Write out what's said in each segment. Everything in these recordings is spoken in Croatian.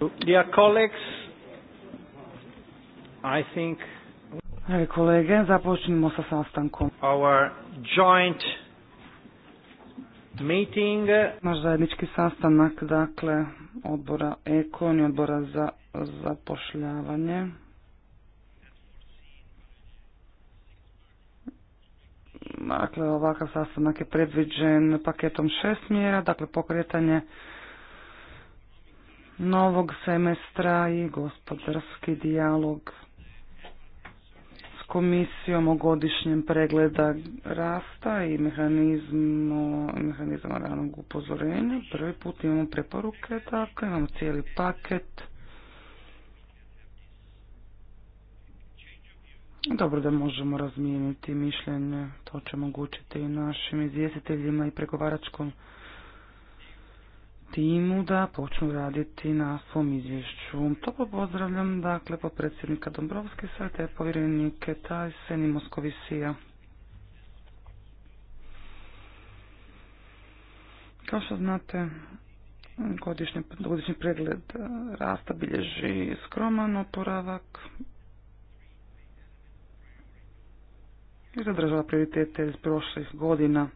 Dear colleagues, I think kolege, započnimo sa sastankom. Our joint meeting. Naš zajednički sastanak, dakle, odbora Ekon i odbora za zapošljavanje. Dakle, ovakav sastanak je predviđen paketom šest mjera, dakle, pokretanje novog semestra i gospodarski dijalog s komisijom o godišnjem pregleda rasta i mehanizma ranog upozorenja. Prvi put imamo preporuke, tako imamo cijeli paket. Dobro da možemo razmijeniti mišljenje, to će omogućiti i našim izvjestiteljima i pregovaračkom timu da počnu raditi na svom izvješću. To pozdravljam dakle potpredsjednika Dombrovske te povjerenike Tajsen i Moskovisija. Kao što znate, godišnji, godišnji pregled rasta bilježi skroman oporavak i zadržava prioritete iz prošlih godina.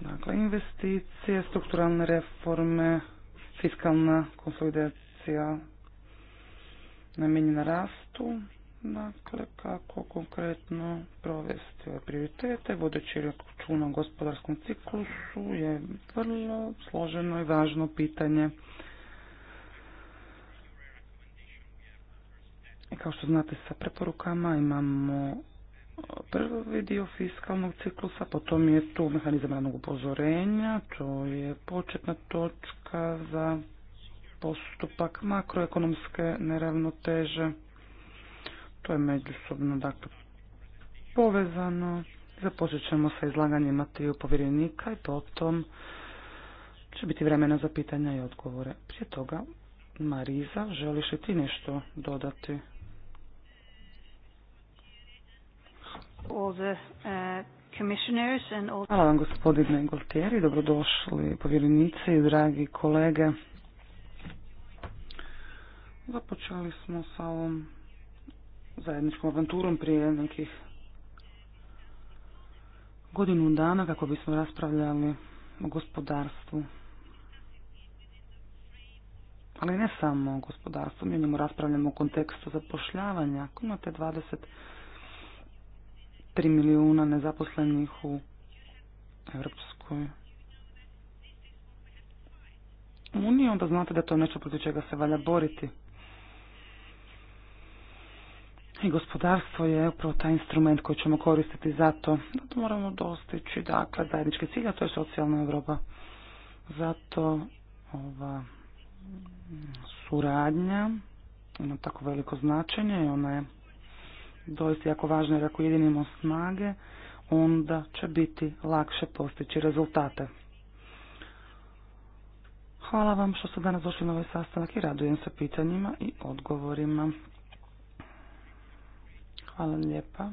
Dakle, investicije, strukturalne reforme, fiskalna konsolidacija namenjena rastu, dakle kako konkretno provesti ove prioritete, vodeći računa o gospodarskom ciklusu je vrlo složeno i važno pitanje. I kao što znate sa preporukama imamo prvi dio fiskalnog ciklusa, potom je tu mehanizam ranog upozorenja, to je početna točka za postupak makroekonomske neravnoteže. To je međusobno dakle, povezano. Započet ćemo sa izlaganjem triju povjerenika i potom će biti vremena za pitanja i odgovore. Prije toga, Mariza, želiš li ti nešto dodati? Uh, Hvala vam gospodine Goltieri, dobrodošli povjerenice i dragi kolege. Započeli smo sa ovom zajedničkom avanturom prije nekih godinu dana kako bismo raspravljali o gospodarstvu. Ali ne samo o gospodarstvu, mi o raspravljamo u kontekstu zapošljavanja. Ako imate 20 3 milijuna nezaposlenih u Europskoj uniji, onda znate da to je nešto protiv čega se valja boriti. I gospodarstvo je upravo taj instrument koji ćemo koristiti za to. Zato moramo dostići, dakle, zajednički cilj a to je socijalna Europa. Zato ova suradnja ima tako veliko značenje i ona je doista jako važno jer ako jedinimo snage, onda će biti lakše postići rezultate. Hvala vam što ste danas došli na ovaj sastanak i radujem se pitanjima i odgovorima. Hvala lijepa.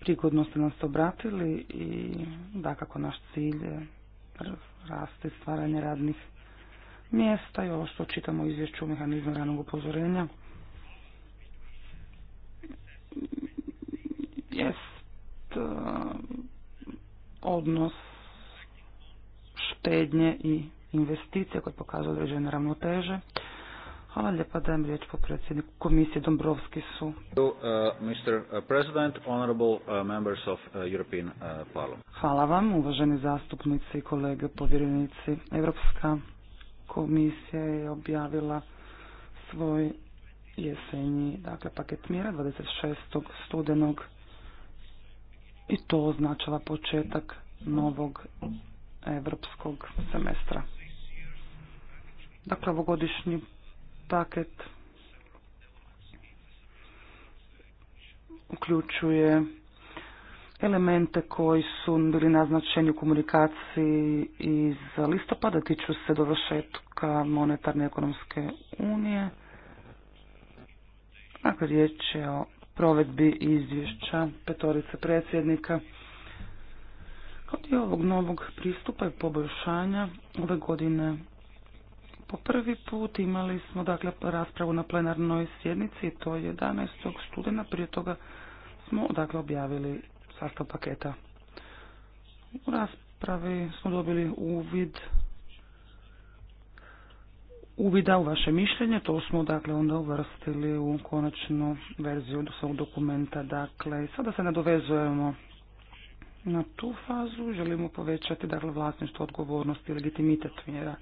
Prigodno ste nas obratili i da kako naš cilj je rasti stvaranje radnih mjesta i ovo što čitamo u izvješću mehanizma ranog upozorenja jest eh, odnos štednje i investicije koje pokazuje određene ravnoteže. Hvala lijepa dajem riječ po predsjedniku komisije Dombrovski su. Hvala vam, uvaženi zastupnici i kolege povjerenici. Europska komisija je objavila svoj jesenji dakle, paket mjera 26. studenog i to označava početak novog evropskog semestra. Dakle, ovogodišnji paket uključuje elemente koji su bili naznačeni u komunikaciji iz listopada, tiču se dovršetka monetarne ekonomske unije. Dakle, riječ je o provedbi izvješća petorice predsjednika. Kod dio ovog novog pristupa i poboljšanja ove godine po prvi put imali smo dakle raspravu na plenarnoj sjednici to to 11. studena, prije toga smo dakle objavili sastav paketa. U raspravi smo dobili uvid uvida u vaše mišljenje, to smo dakle onda uvrstili u konačnu verziju svog dokumenta. Dakle, sada se nadovezujemo na tu fazu, želimo povećati dakle vlasništvo, odgovornost i legitimitet mjera.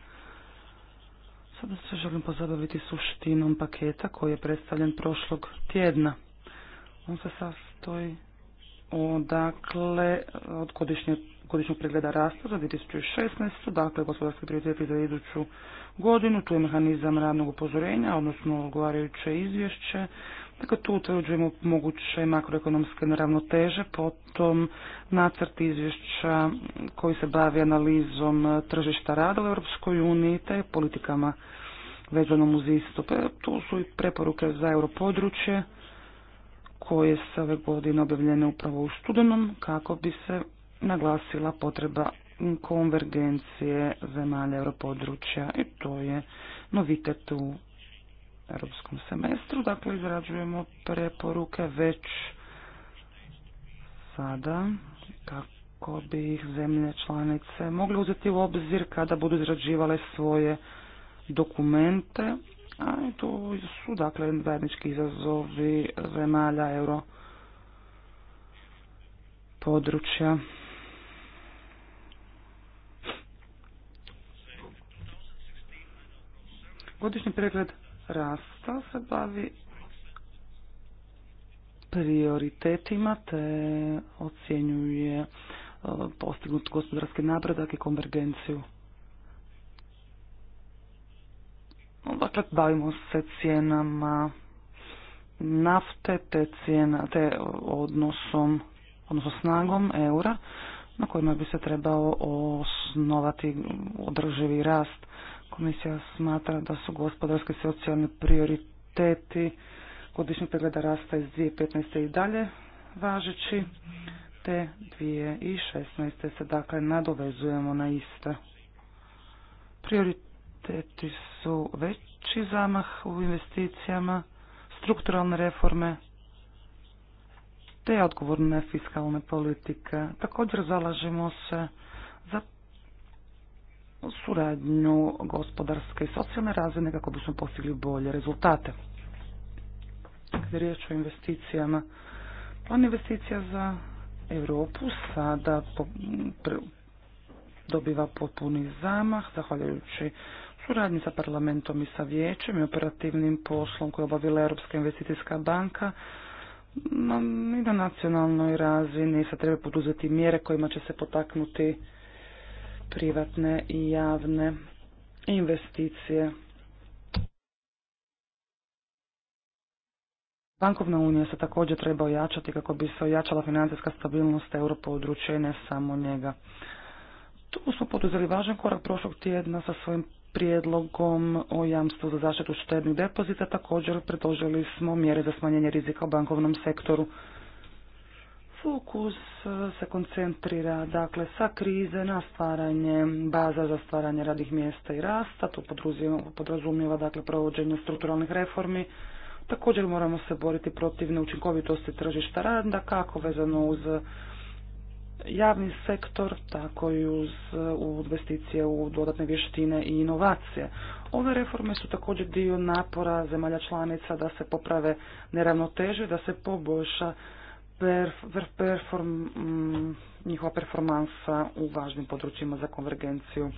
Sada se želim pozabaviti suštinom paketa koji je predstavljen prošlog tjedna. On se sastoji o, dakle, od godišnje godišnjeg pregleda rasta za 2016. Dakle, gospodarski prioriteti za iduću godinu. Tu je mehanizam radnog upozorenja, odnosno odgovarajuće izvješće. Dakle, tu utvrđujemo moguće makroekonomske neravnoteže, potom nacrt izvješća koji se bavi analizom tržišta rada u Europskoj uniji te politikama vezanom uz isto. E, tu su i preporuke za europodručje koje se ove godine objavljene upravo u studenom kako bi se naglasila potreba konvergencije zemalja europodručja i to je novitet u europskom semestru. Dakle, izrađujemo preporuke već sada kako bi ih zemlje članice mogle uzeti u obzir kada budu izrađivale svoje dokumente. A to su dakle zajednički izazovi zemalja euro područja. Godišnji pregled rasta se bavi prioritetima te ocjenjuje e, postignut gospodarski napredak i konvergenciju. Dakle, bavimo se cijenama nafte te, cijena, te odnosom, odnosno snagom eura na kojima bi se trebao osnovati održivi rast. Komisija smatra da su gospodarski i socijalni prioriteti godišnjeg pregleda rasta iz 2015. i dalje važeći, te 2016. se dakle nadovezujemo na iste. Prioriteti su veći zamah u investicijama, strukturalne reforme, te odgovorne fiskalne politike. Također zalažemo se za suradnju gospodarske i socijalne razine kako bismo postigli bolje rezultate. Kada je riječ o investicijama, plan investicija za Europu sada dobiva potpuni zamah, zahvaljujući suradnji sa parlamentom i sa vijećem i operativnim poslom koje obavila Europska investicijska banka. I na nacionalnoj razini se treba poduzeti mjere kojima će se potaknuti privatne i javne investicije. Bankovna unija se također treba ojačati kako bi se ojačala financijska stabilnost europodručja i ne samo njega. Tu smo poduzeli važan korak prošlog tjedna sa svojim prijedlogom o jamstvu za zaštitu štednih depozita. Također predložili smo mjere za smanjenje rizika u bankovnom sektoru. Fokus e, se koncentrira dakle sa krize na stvaranje baza za stvaranje radnih mjesta i rasta, to podrazumijeva dakle provođenje strukturalnih reformi. Također moramo se boriti protiv neučinkovitosti tržišta rada, kako vezano uz javni sektor, tako i uz e, investicije u dodatne vještine i inovacije. Ove reforme su također dio napora zemalja članica da se poprave neravnoteže, da se poboljša perform, mm, njihova performansa u važnim područjima za konvergenciju.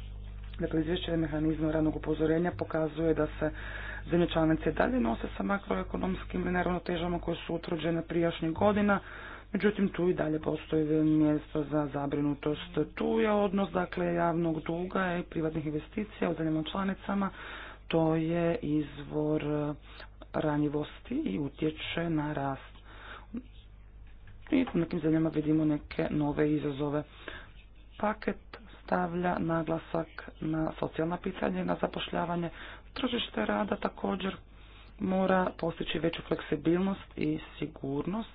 Dakle, izvješće mehanizma ranog upozorenja pokazuje da se zemlje članice dalje nose sa makroekonomskim neravnotežama koje su utvrđene prijašnjih godina, međutim tu i dalje postoji mjesto za zabrinutost. Tu je odnos dakle, javnog duga i privatnih investicija u zemljama članicama, to je izvor eh, ranjivosti i utječe na rast i u nekim zemljama vidimo neke nove izazove. Paket stavlja naglasak na socijalna pitanja i na zapošljavanje. Tržište rada također mora postići veću fleksibilnost i sigurnost.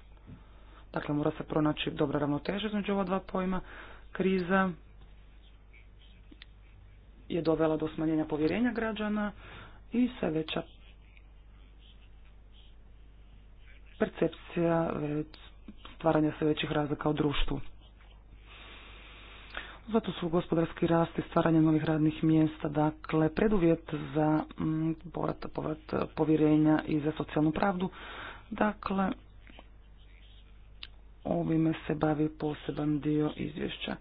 Dakle, mora se pronaći dobra ravnoteža između ova dva pojma. Kriza je dovela do smanjenja povjerenja građana i sve veća percepcija stvaranja sve većih razlika u društvu. Zato su gospodarski rast i stvaranje novih radnih mjesta, dakle, preduvjet za mm, povrat, eh, povjerenja i za socijalnu pravdu. Dakle, ovime se bavi poseban dio izvješća.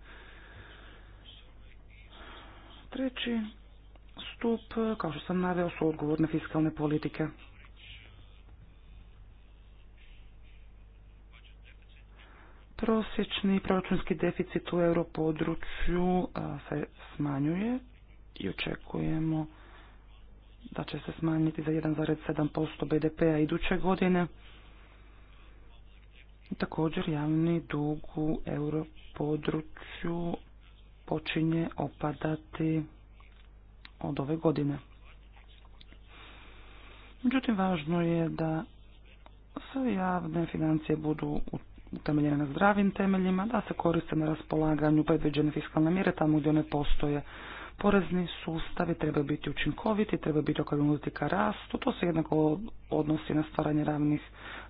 Treći stup, eh, kao što sam naveo, su odgovorne fiskalne politike. Prosječni proračunski deficit u europodručju se smanjuje i očekujemo da će se smanjiti za 1,7% BDP-a iduće godine. Također javni dug u europodručju počinje opadati od ove godine. Međutim, važno je da sve javne financije budu u utemeljene na zdravim temeljima, da se koriste na raspolaganju predviđene fiskalne mjere tamo gdje one postoje. Porezni sustavi trebaju biti učinkoviti, trebaju biti okrenuti ka rastu, to se jednako odnosi na stvaranje ravnih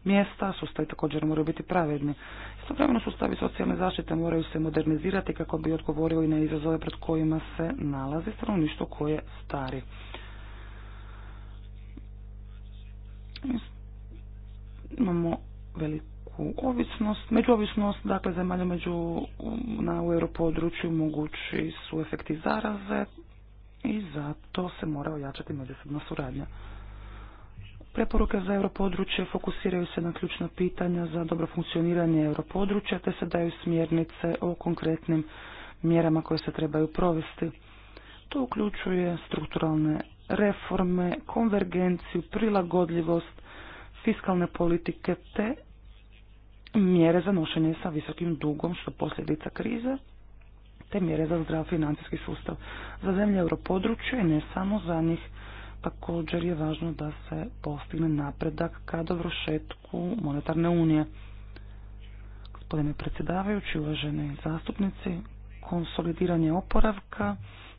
mjesta, sustavi također moraju biti pravedni. Istovremeno sustavi socijalne zaštite moraju se modernizirati kako bi odgovorili na izazove pred kojima se nalazi stanovništvo koje stari. Imamo veliko ovu ovisnost, međuovisnost, dakle zemalja među, na, u europodručju mogući su efekti zaraze i zato se mora ojačati međusobna suradnja. Preporuke za europodručje fokusiraju se na ključna pitanja za dobro funkcioniranje europodručja te se daju smjernice o konkretnim mjerama koje se trebaju provesti. To uključuje strukturalne reforme, konvergenciju, prilagodljivost, fiskalne politike te mjere za nošenje sa visokim dugom što posljedica krize, te mjere za zdrav financijski sustav. Za zemlje europodručja i ne samo za njih također je važno da se postigne napredak ka dovršetku monetarne unije. Gospodine predsjedavajući, uvaženi zastupnici, konsolidiranje oporavka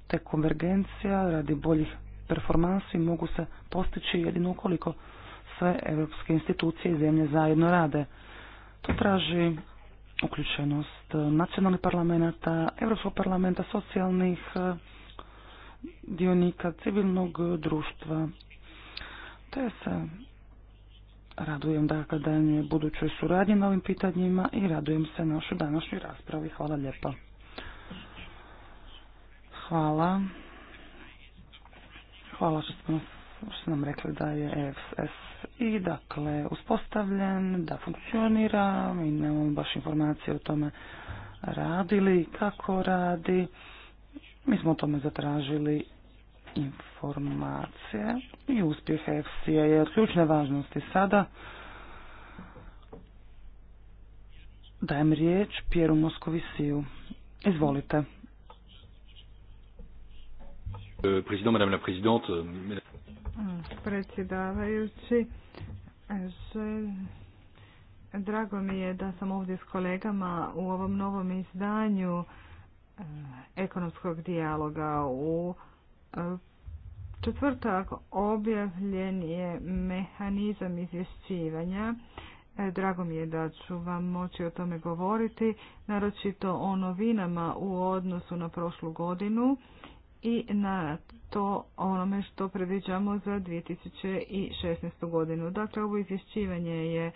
te konvergencija radi boljih performansi mogu se postići jedino ukoliko sve europske institucije i zemlje zajedno rade. To traži uključenost nacionalnih parlamenta, Europskog parlamenta, socijalnih e, dionika, civilnog društva. Te se radujem da je budućoj suradnji na ovim pitanjima i radujem se našoj današnjoj raspravi. Hvala lijepa. Hvala. Hvala što ste nas su nam rekli da je EFS i dakle uspostavljen, da funkcionira, mi nemamo baš informacije o tome radili, kako radi. Mi smo o tome zatražili informacije i uspjeh EFS je od ključne važnosti sada. Dajem riječ Pjeru Moskovisiju. Izvolite. Président, Madame la predsjedavajući. E, drago mi je da sam ovdje s kolegama u ovom novom izdanju e, ekonomskog dijaloga u e, četvrtak objavljen je mehanizam izvješćivanja. Drago mi je da ću vam moći o tome govoriti, naročito o novinama u odnosu na prošlu godinu i na to onome što predviđamo za 2016. godinu. Dakle, ovo izvješćivanje je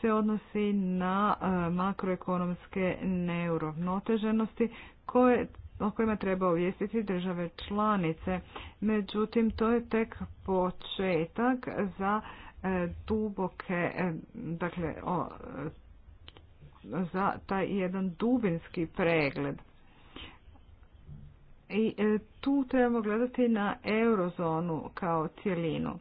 se odnosi na e, makroekonomske neuravnoteženosti koje o kojima treba uvijestiti države članice. Međutim, to je tek početak za e, duboke, e, dakle, za taj jedan dubinski pregled. I e, tu trebamo gledati na eurozonu kao cjelinu.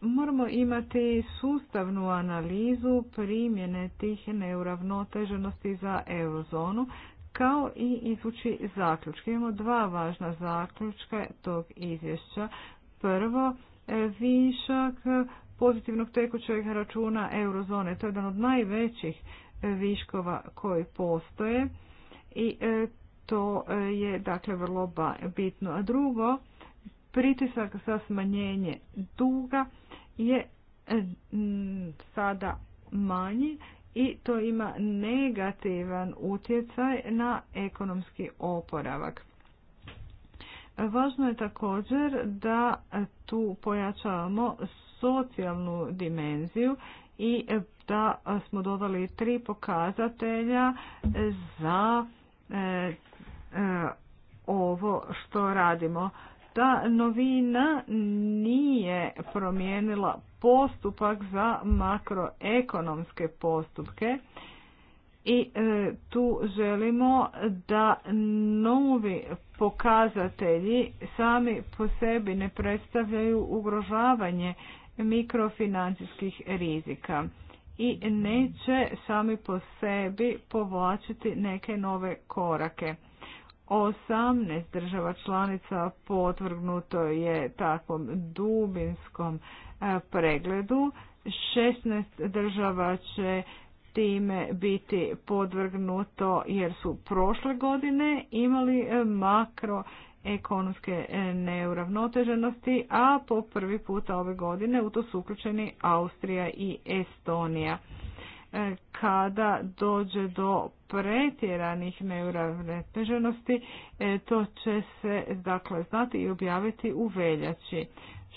Moramo imati sustavnu analizu primjene tih neuravnoteženosti za eurozonu, kao i izvući zaključke. Imamo dva važna zaključka tog izvješća. Prvo, e, višak pozitivnog tekućeg računa eurozone. To je jedan od najvećih viškova koji postoje i e, to e, je dakle vrlo bitno. A drugo, pritisak za smanjenje duga je e, sada manji i to ima negativan utjecaj na ekonomski oporavak. Važno je također da tu pojačavamo socijalnu dimenziju i da smo dodali tri pokazatelja za e, E, ovo što radimo. Ta novina nije promijenila postupak za makroekonomske postupke i e, tu želimo da novi pokazatelji sami po sebi ne predstavljaju ugrožavanje mikrofinancijskih rizika i neće sami po sebi povlačiti neke nove korake. 18 država članica potvrgnuto je takvom dubinskom e, pregledu. 16 država će time biti podvrgnuto jer su prošle godine imali e, makroekonomske e, neuravnoteženosti, a po prvi puta ove godine u to su uključeni Austrija i Estonija. E, kada dođe do pretjeranih neuravnoteženosti, e, to će se dakle znati i objaviti u veljači.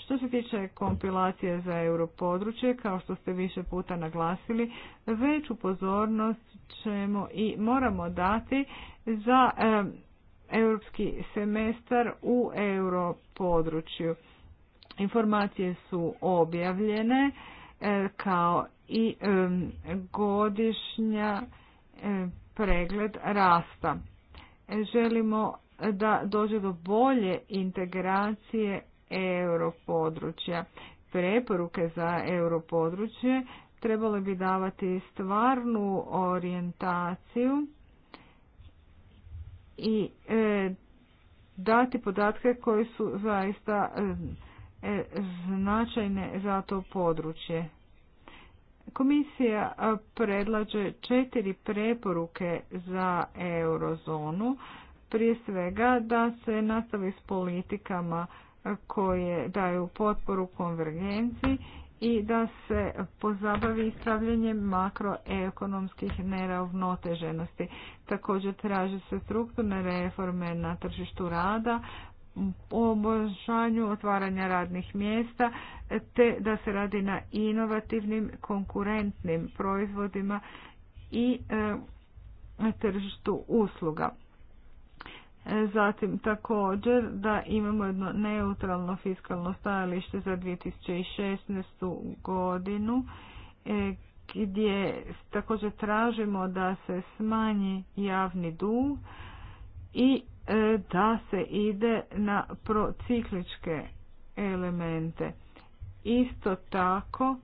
Što se tiče kompilacije za europodručje, kao što ste više puta naglasili, veću pozornost ćemo i moramo dati za e, europski semestar u europodručju. Informacije su objavljene kao i godišnja pregled rasta. Želimo da dođe do bolje integracije europodručja. Preporuke za europodručje trebale bi davati stvarnu orijentaciju i e, dati podatke koji su zaista e, značajne za to područje. Komisija predlaže četiri preporuke za eurozonu. Prije svega da se nastavi s politikama koje daju potporu konvergenciji i da se pozabavi ispravljanjem makroekonomskih neravnoteženosti. Također traže se strukturne reforme na tržištu rada, obožanju otvaranja radnih mjesta te da se radi na inovativnim konkurentnim proizvodima i e, tržištu usluga. E, zatim također da imamo jedno neutralno fiskalno stajalište za 2016. godinu e, gdje također tražimo da se smanji javni dug i E, da se ide na procikličke elemente. Isto tako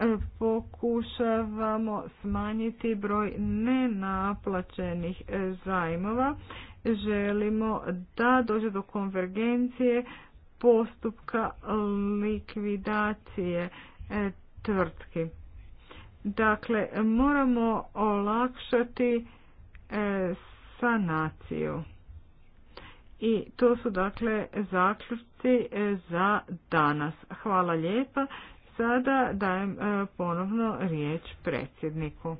e, pokušavamo smanjiti broj nenaplaćenih e, zajmova. Želimo da dođe do konvergencije postupka likvidacije tvrtki. Dakle, moramo olakšati naciju I to su dakle zaključci e, za danas. Hvala lijepa. Sada dajem e, ponovno riječ predsjedniku.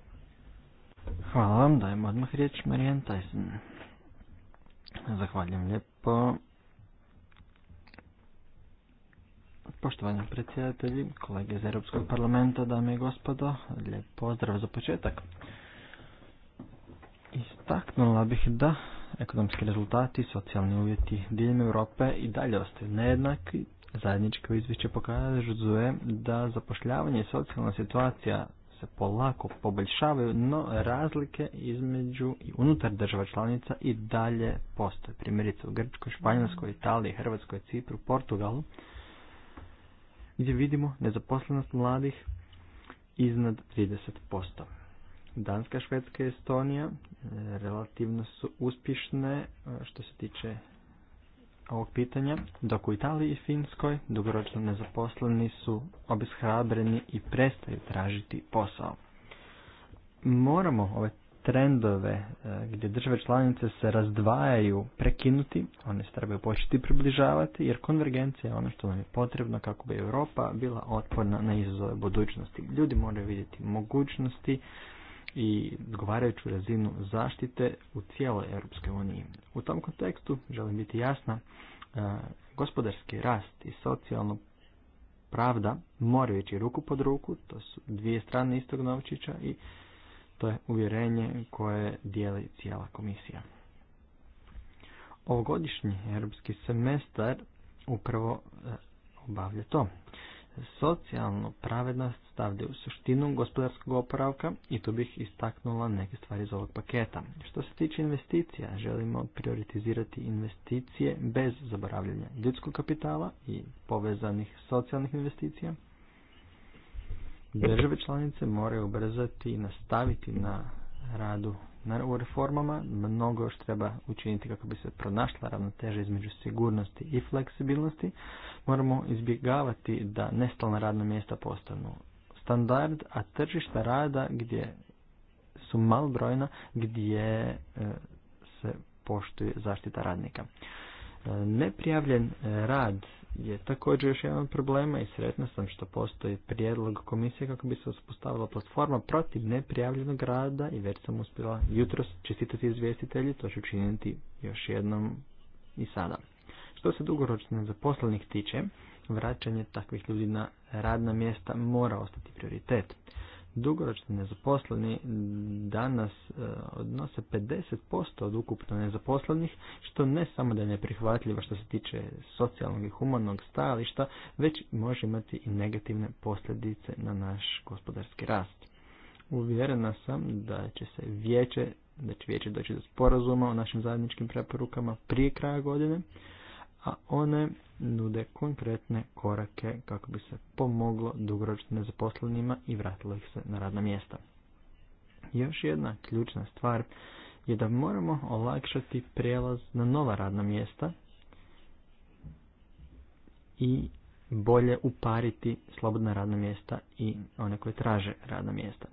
Hvala vam, dajem odmah riječ Marijan Tyson. Zahvaljujem lijepo. Poštovani predsjedatelji, kolege iz Europskog parlamenta, dame i gospodo, lijep pozdrav za početak. Istaknula pa. bih da ekonomski rezultati socijalni uvjeti diljem Europe i dalje ostaju nejednaki. Zajedničko izvješće pokazuje da zapošljavanje i socijalna situacija se polako poboljšavaju, no razlike između i unutar država članica i dalje postoje. Primjerice u Grčkoj, Španjolskoj, Italiji, Hrvatskoj, Cipru, Portugalu, gdje vidimo nezaposlenost mladih iznad 30%. Danska, Švedska i Estonija e, relativno su uspješne e, što se tiče ovog pitanja, dok u Italiji i Finskoj dugoročno nezaposleni su obeshrabreni i prestaju tražiti posao. Moramo ove trendove e, gdje države članice se razdvajaju prekinuti, one se trebaju početi približavati jer konvergencija je ono što nam je potrebno kako bi Europa bila otporna na izazove budućnosti. Ljudi moraju vidjeti mogućnosti i odgovarajuću razinu zaštite u cijeloj Europskoj uniji. U tom kontekstu želim biti jasna, e, gospodarski rast i socijalno pravda moraju ići ruku pod ruku, to su dvije strane istog novčića i to je uvjerenje koje dijeli cijela komisija. Ovogodišnji europski semestar upravo e, obavlja to socijalnu pravednost stavlja u suštinu gospodarskog oporavka i tu bih istaknula neke stvari iz ovog paketa. Što se tiče investicija, želimo prioritizirati investicije bez zaboravljanja ljudskog kapitala i povezanih socijalnih investicija. Države članice moraju ubrzati i nastaviti na radu u reformama, mnogo još treba učiniti kako bi se pronašla ravnoteža između sigurnosti i fleksibilnosti. Moramo izbjegavati da nestalna radna mjesta postanu standard, a tržišta rada gdje su malbrojna, gdje e, se poštuje zaštita radnika. E, neprijavljen rad je također još jedan problema i sretna sam što postoji prijedlog komisije kako bi se uspostavila platforma protiv neprijavljenog rada i već sam uspjela jutros čestitati izvjestitelji, to ću činiti još jednom i sada. Što se dugoročno zaposlenih tiče, vraćanje takvih ljudi na radna mjesta mora ostati prioritet. Dugoročni nezaposleni danas e, odnose 50% od ukupno nezaposlenih, što ne samo da je neprihvatljivo što se tiče socijalnog i humanog stajališta, već može imati i negativne posljedice na naš gospodarski rast. Uvjerena sam da će se vijeće, da će vijeće doći do sporazuma o našim zajedničkim preporukama prije kraja godine, a one nude konkretne korake kako bi se pomoglo dugoročno nezaposlenima i vratilo ih se na radna mjesta. Još jedna ključna stvar je da moramo olakšati prijelaz na nova radna mjesta i bolje upariti slobodna radna mjesta i one koje traže radna mjesta.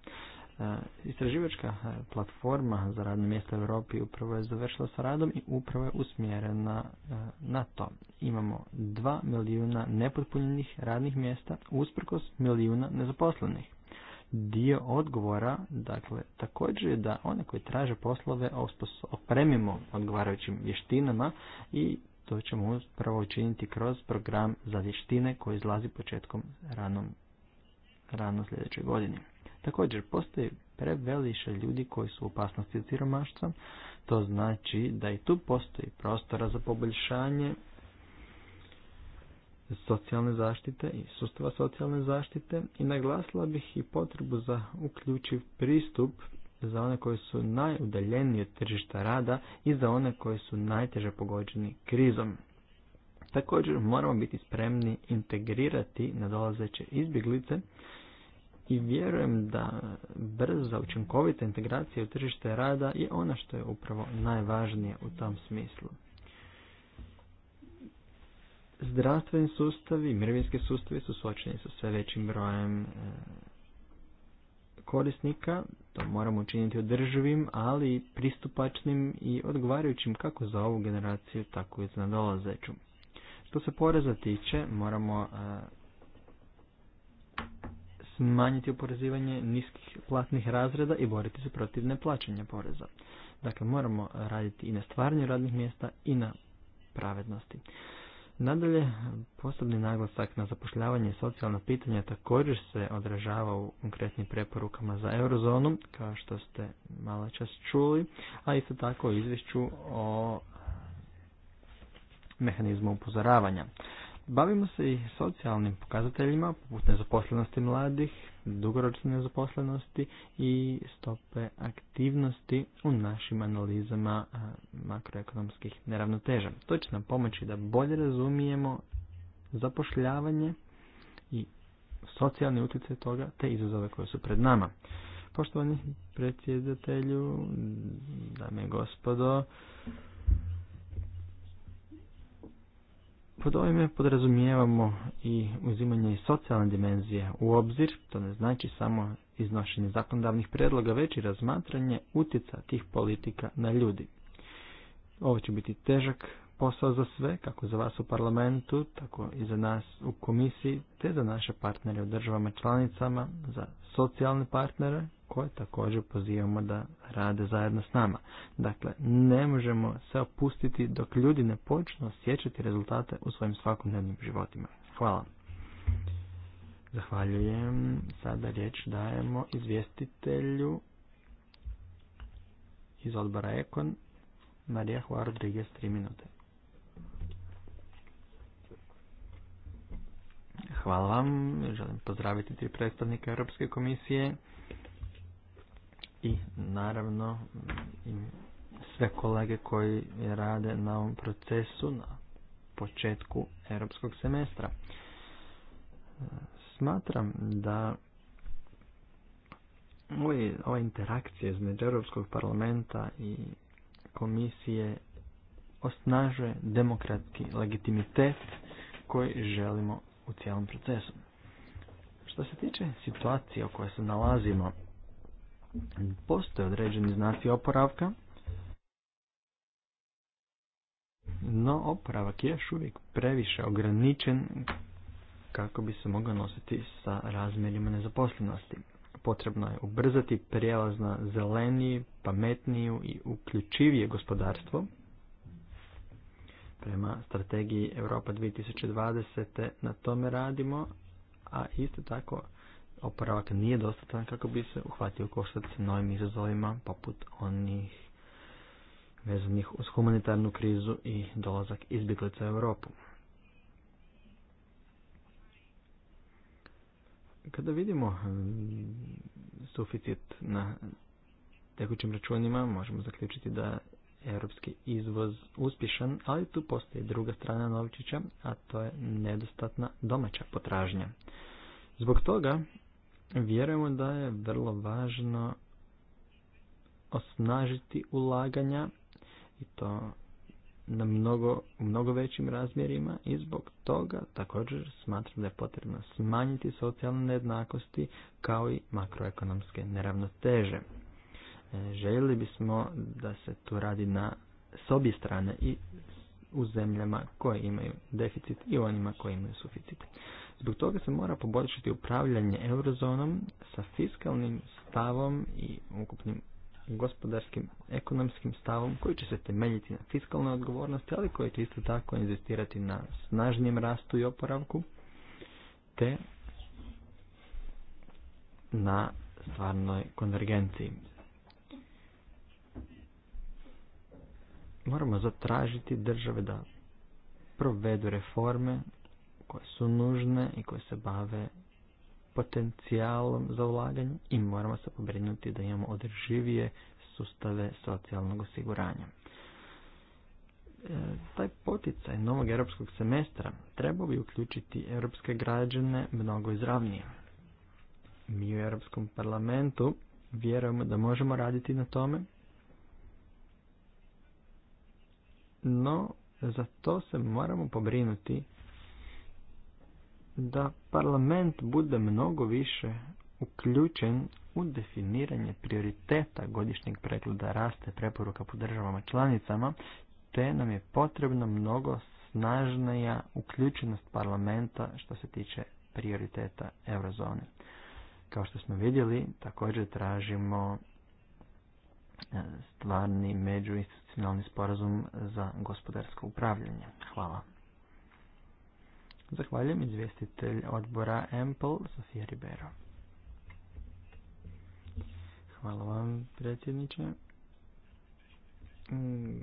E, istraživačka e, platforma za radno mjesto u Europi upravo je završila sa radom i upravo je usmjerena e, na to. Imamo 2 milijuna nepotpunjenih radnih mjesta usprkos milijuna nezaposlenih. Dio odgovora, dakle, također je da one koji traže poslove opremimo odgovarajućim vještinama i to ćemo upravo učiniti kroz program za vještine koji izlazi početkom ranom, rano sljedećoj godini. Također, postoji preveliše ljudi koji su u opasnosti od siromaštva. To znači da i tu postoji prostora za poboljšanje socijalne zaštite i sustava socijalne zaštite i naglasila bih i potrebu za uključiv pristup za one koji su najudaljeniji od tržišta rada i za one koji su najteže pogođeni krizom. Također moramo biti spremni integrirati nadolazeće izbjeglice i vjerujem da brza učinkovita integracija u tržište rada je ono što je upravo najvažnije u tom smislu. Zdravstveni sustavi, mirovinski sustavi su suočeni sa sve većim brojem e, korisnika, to moramo učiniti održivim, ali i pristupačnim i odgovarajućim kako za ovu generaciju, tako i za nadolazeću. Što se poreza tiče, moramo e, smanjiti oporezivanje niskih platnih razreda i boriti se protiv neplaćanja poreza. Dakle, moramo raditi i na stvaranju radnih mjesta i na pravednosti. Nadalje, posebni naglasak na zapošljavanje i socijalna pitanja također se odražava u konkretnim preporukama za eurozonu, kao što ste malo čas čuli, a isto tako u izvješću o mehanizmu upozoravanja. Bavimo se i socijalnim pokazateljima, poput nezaposlenosti mladih, dugoročne nezaposlenosti i stope aktivnosti u našim analizama makroekonomskih neravnoteža. To će nam pomoći da bolje razumijemo zapošljavanje i socijalni utjecaj toga te izazove koje su pred nama. Poštovani predsjedatelju, dame i gospodo, Pod ovime podrazumijevamo i uzimanje socijalne dimenzije u obzir, to ne znači samo iznošenje zakonodavnih predloga, već i razmatranje utjeca tih politika na ljudi. Ovo će biti težak posao za sve, kako za vas u parlamentu, tako i za nas u komisiji, te za naše partnere u državama članicama, za socijalne partnere, koje također pozivamo da rade zajedno s nama. Dakle, ne možemo se opustiti dok ljudi ne počnu osjećati rezultate u svojim svakodnevnim životima. Hvala. Zahvaljujem. Sada riječ dajemo izvjestitelju iz odbora Ekon, Marija Hua Rodriguez, 3 minute. Hvala vam. Želim pozdraviti tri predstavnika Europske komisije i naravno i sve kolege koji rade na ovom procesu na početku europskog semestra. Smatram da ovaj, ova interakcija između Europskog parlamenta i komisije osnažuje demokratski legitimitet koji želimo u cijelom procesu. Što se tiče situacije u kojoj se nalazimo, Postoje određeni znaci oporavka, no oporavak je još uvijek previše ograničen kako bi se mogao nositi sa razmjerima nezaposlenosti. Potrebno je ubrzati prijelaz na zeleniji, pametniju i uključivije gospodarstvo prema strategiji Europa 2020. na tome radimo, a isto tako oporavak nije dostatan kako bi se uhvatio koštac s novim izazovima poput onih vezanih uz humanitarnu krizu i dolazak izbjeglica u Europu. Kada vidimo mm, suficit na tekućim računima, možemo zaključiti da je europski izvoz uspješan, ali tu postoji druga strana Novčića, a to je nedostatna domaća potražnja. Zbog toga vjerujemo da je vrlo važno osnažiti ulaganja i to na mnogo, u mnogo većim razmjerima i zbog toga također smatram da je potrebno smanjiti socijalne nejednakosti kao i makroekonomske neravnoteže. E, željeli bismo da se tu radi na s obje strane i u zemljama koje imaju deficit i onima koji imaju suficit. Zbog toga se mora poboljšati upravljanje eurozonom sa fiskalnim stavom i ukupnim gospodarskim, ekonomskim stavom koji će se temeljiti na fiskalnoj odgovornosti, ali koji će isto tako investirati na snažnijem rastu i oporavku, te na stvarnoj konvergenciji. Moramo zatražiti države da provedu reforme koje su nužne i koje se bave potencijalom za ulaganje i moramo se pobrinuti da imamo održivije sustave socijalnog osiguranja. E, taj poticaj novog europskog semestra trebao bi uključiti europske građane mnogo izravnije. Mi u Europskom parlamentu vjerujemo da možemo raditi na tome, no za to se moramo pobrinuti da parlament bude mnogo više uključen u definiranje prioriteta godišnjeg pregleda raste preporuka po državama članicama, te nam je potrebno mnogo snažnija uključenost parlamenta što se tiče prioriteta eurozone. Kao što smo vidjeli, također tražimo e, stvarni međuinstitucionalni sporazum za gospodarsko upravljanje. Hvala. Zahvaljujem izvjestitelj odbora Ample, Sofija Ribeiro. Hvala vam, predsjedniče. Mm,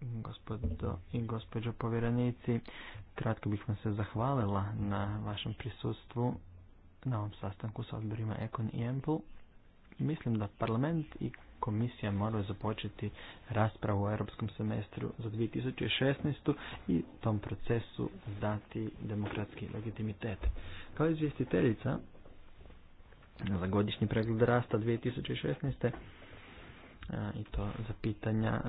gospodo i gospođo povjerenici, kratko bih vam se zahvalila na vašem prisustvu na ovom sastanku sa odborima Econ i Ample. Mislim da parlament i komisija mora započeti raspravu o europskom semestru za 2016. i tom procesu dati demokratski legitimitet. Kao izvjestiteljica za godišnji pregled rasta 2016. i to za pitanja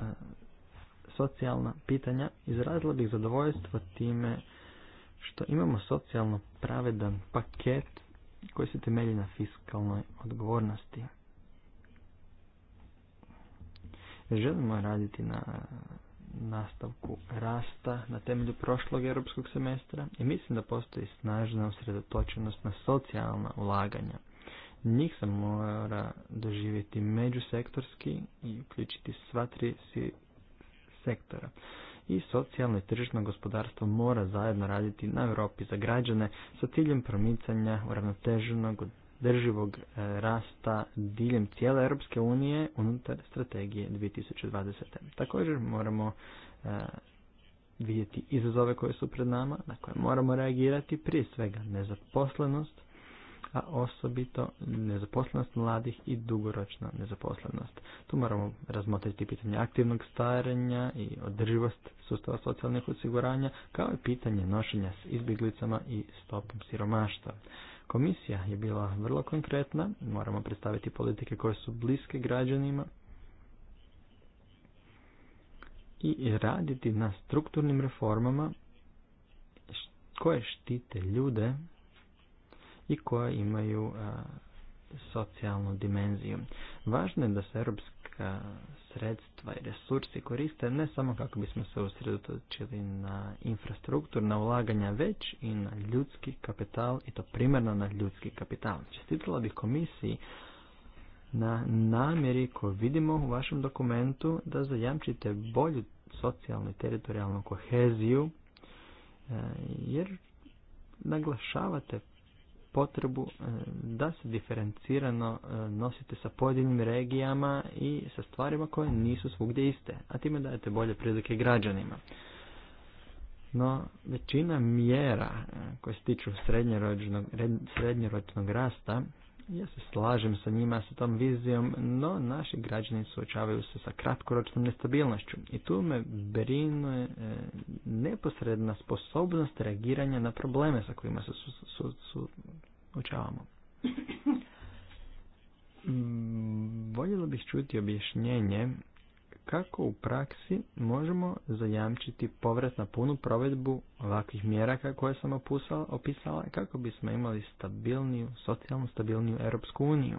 socijalna pitanja, izrazila bih zadovoljstvo time što imamo socijalno pravedan paket koji se temelji na fiskalnoj odgovornosti. Želimo raditi na nastavku rasta na temelju prošlog europskog semestra i mislim da postoji snažna usredotočenost na socijalna ulaganja. Njih se mora doživjeti međusektorski i uključiti sva tri sektora. I socijalno i tržišno gospodarstvo mora zajedno raditi na Europi za građane sa ciljem promicanja uravnoteženog drživog e, rasta diljem cijele Europske unije unutar strategije 2020. Također moramo e, vidjeti izazove koje su pred nama, na koje moramo reagirati, prije svega nezaposlenost, a osobito nezaposlenost mladih i dugoročna nezaposlenost. Tu moramo razmotriti pitanje aktivnog starenja i održivost sustava socijalnih osiguranja, kao i pitanje nošenja s izbjeglicama i stopom siromaštva. Komisija je bila vrlo konkretna, moramo predstaviti politike koje su bliske građanima i raditi na strukturnim reformama koje štite ljude i koje imaju socijalnu dimenziju. Važno je da se europska sredstva i resursi koriste ne samo kako bismo se usredotočili na infrastrukturna ulaganja, već i na ljudski kapital i to primarno na ljudski kapital. Čestitila bih komisiji na namjeri koju vidimo u vašem dokumentu da zajamčite bolju socijalnu i teritorijalnu koheziju e, jer naglašavate potrebu e, da se diferencirano e, nosite sa pojedinim regijama i sa stvarima koje nisu svugdje iste, a time dajete bolje prilike građanima. No, većina mjera e, koje se tiču srednjoročnog, rasta ja se slažem sa njima, sa tom vizijom, no naši građani suočavaju se sa kratkoročnom nestabilnošću i tu me brinuje e, neposredna sposobnost reagiranja na probleme sa kojima se suočavamo. Mm, Voljelo bih čuti objašnjenje kako u praksi možemo zajamčiti povrat na punu provedbu ovakvih mjera koje sam opusala, opisala kako bismo imali stabilniju, socijalno stabilniju Europsku uniju.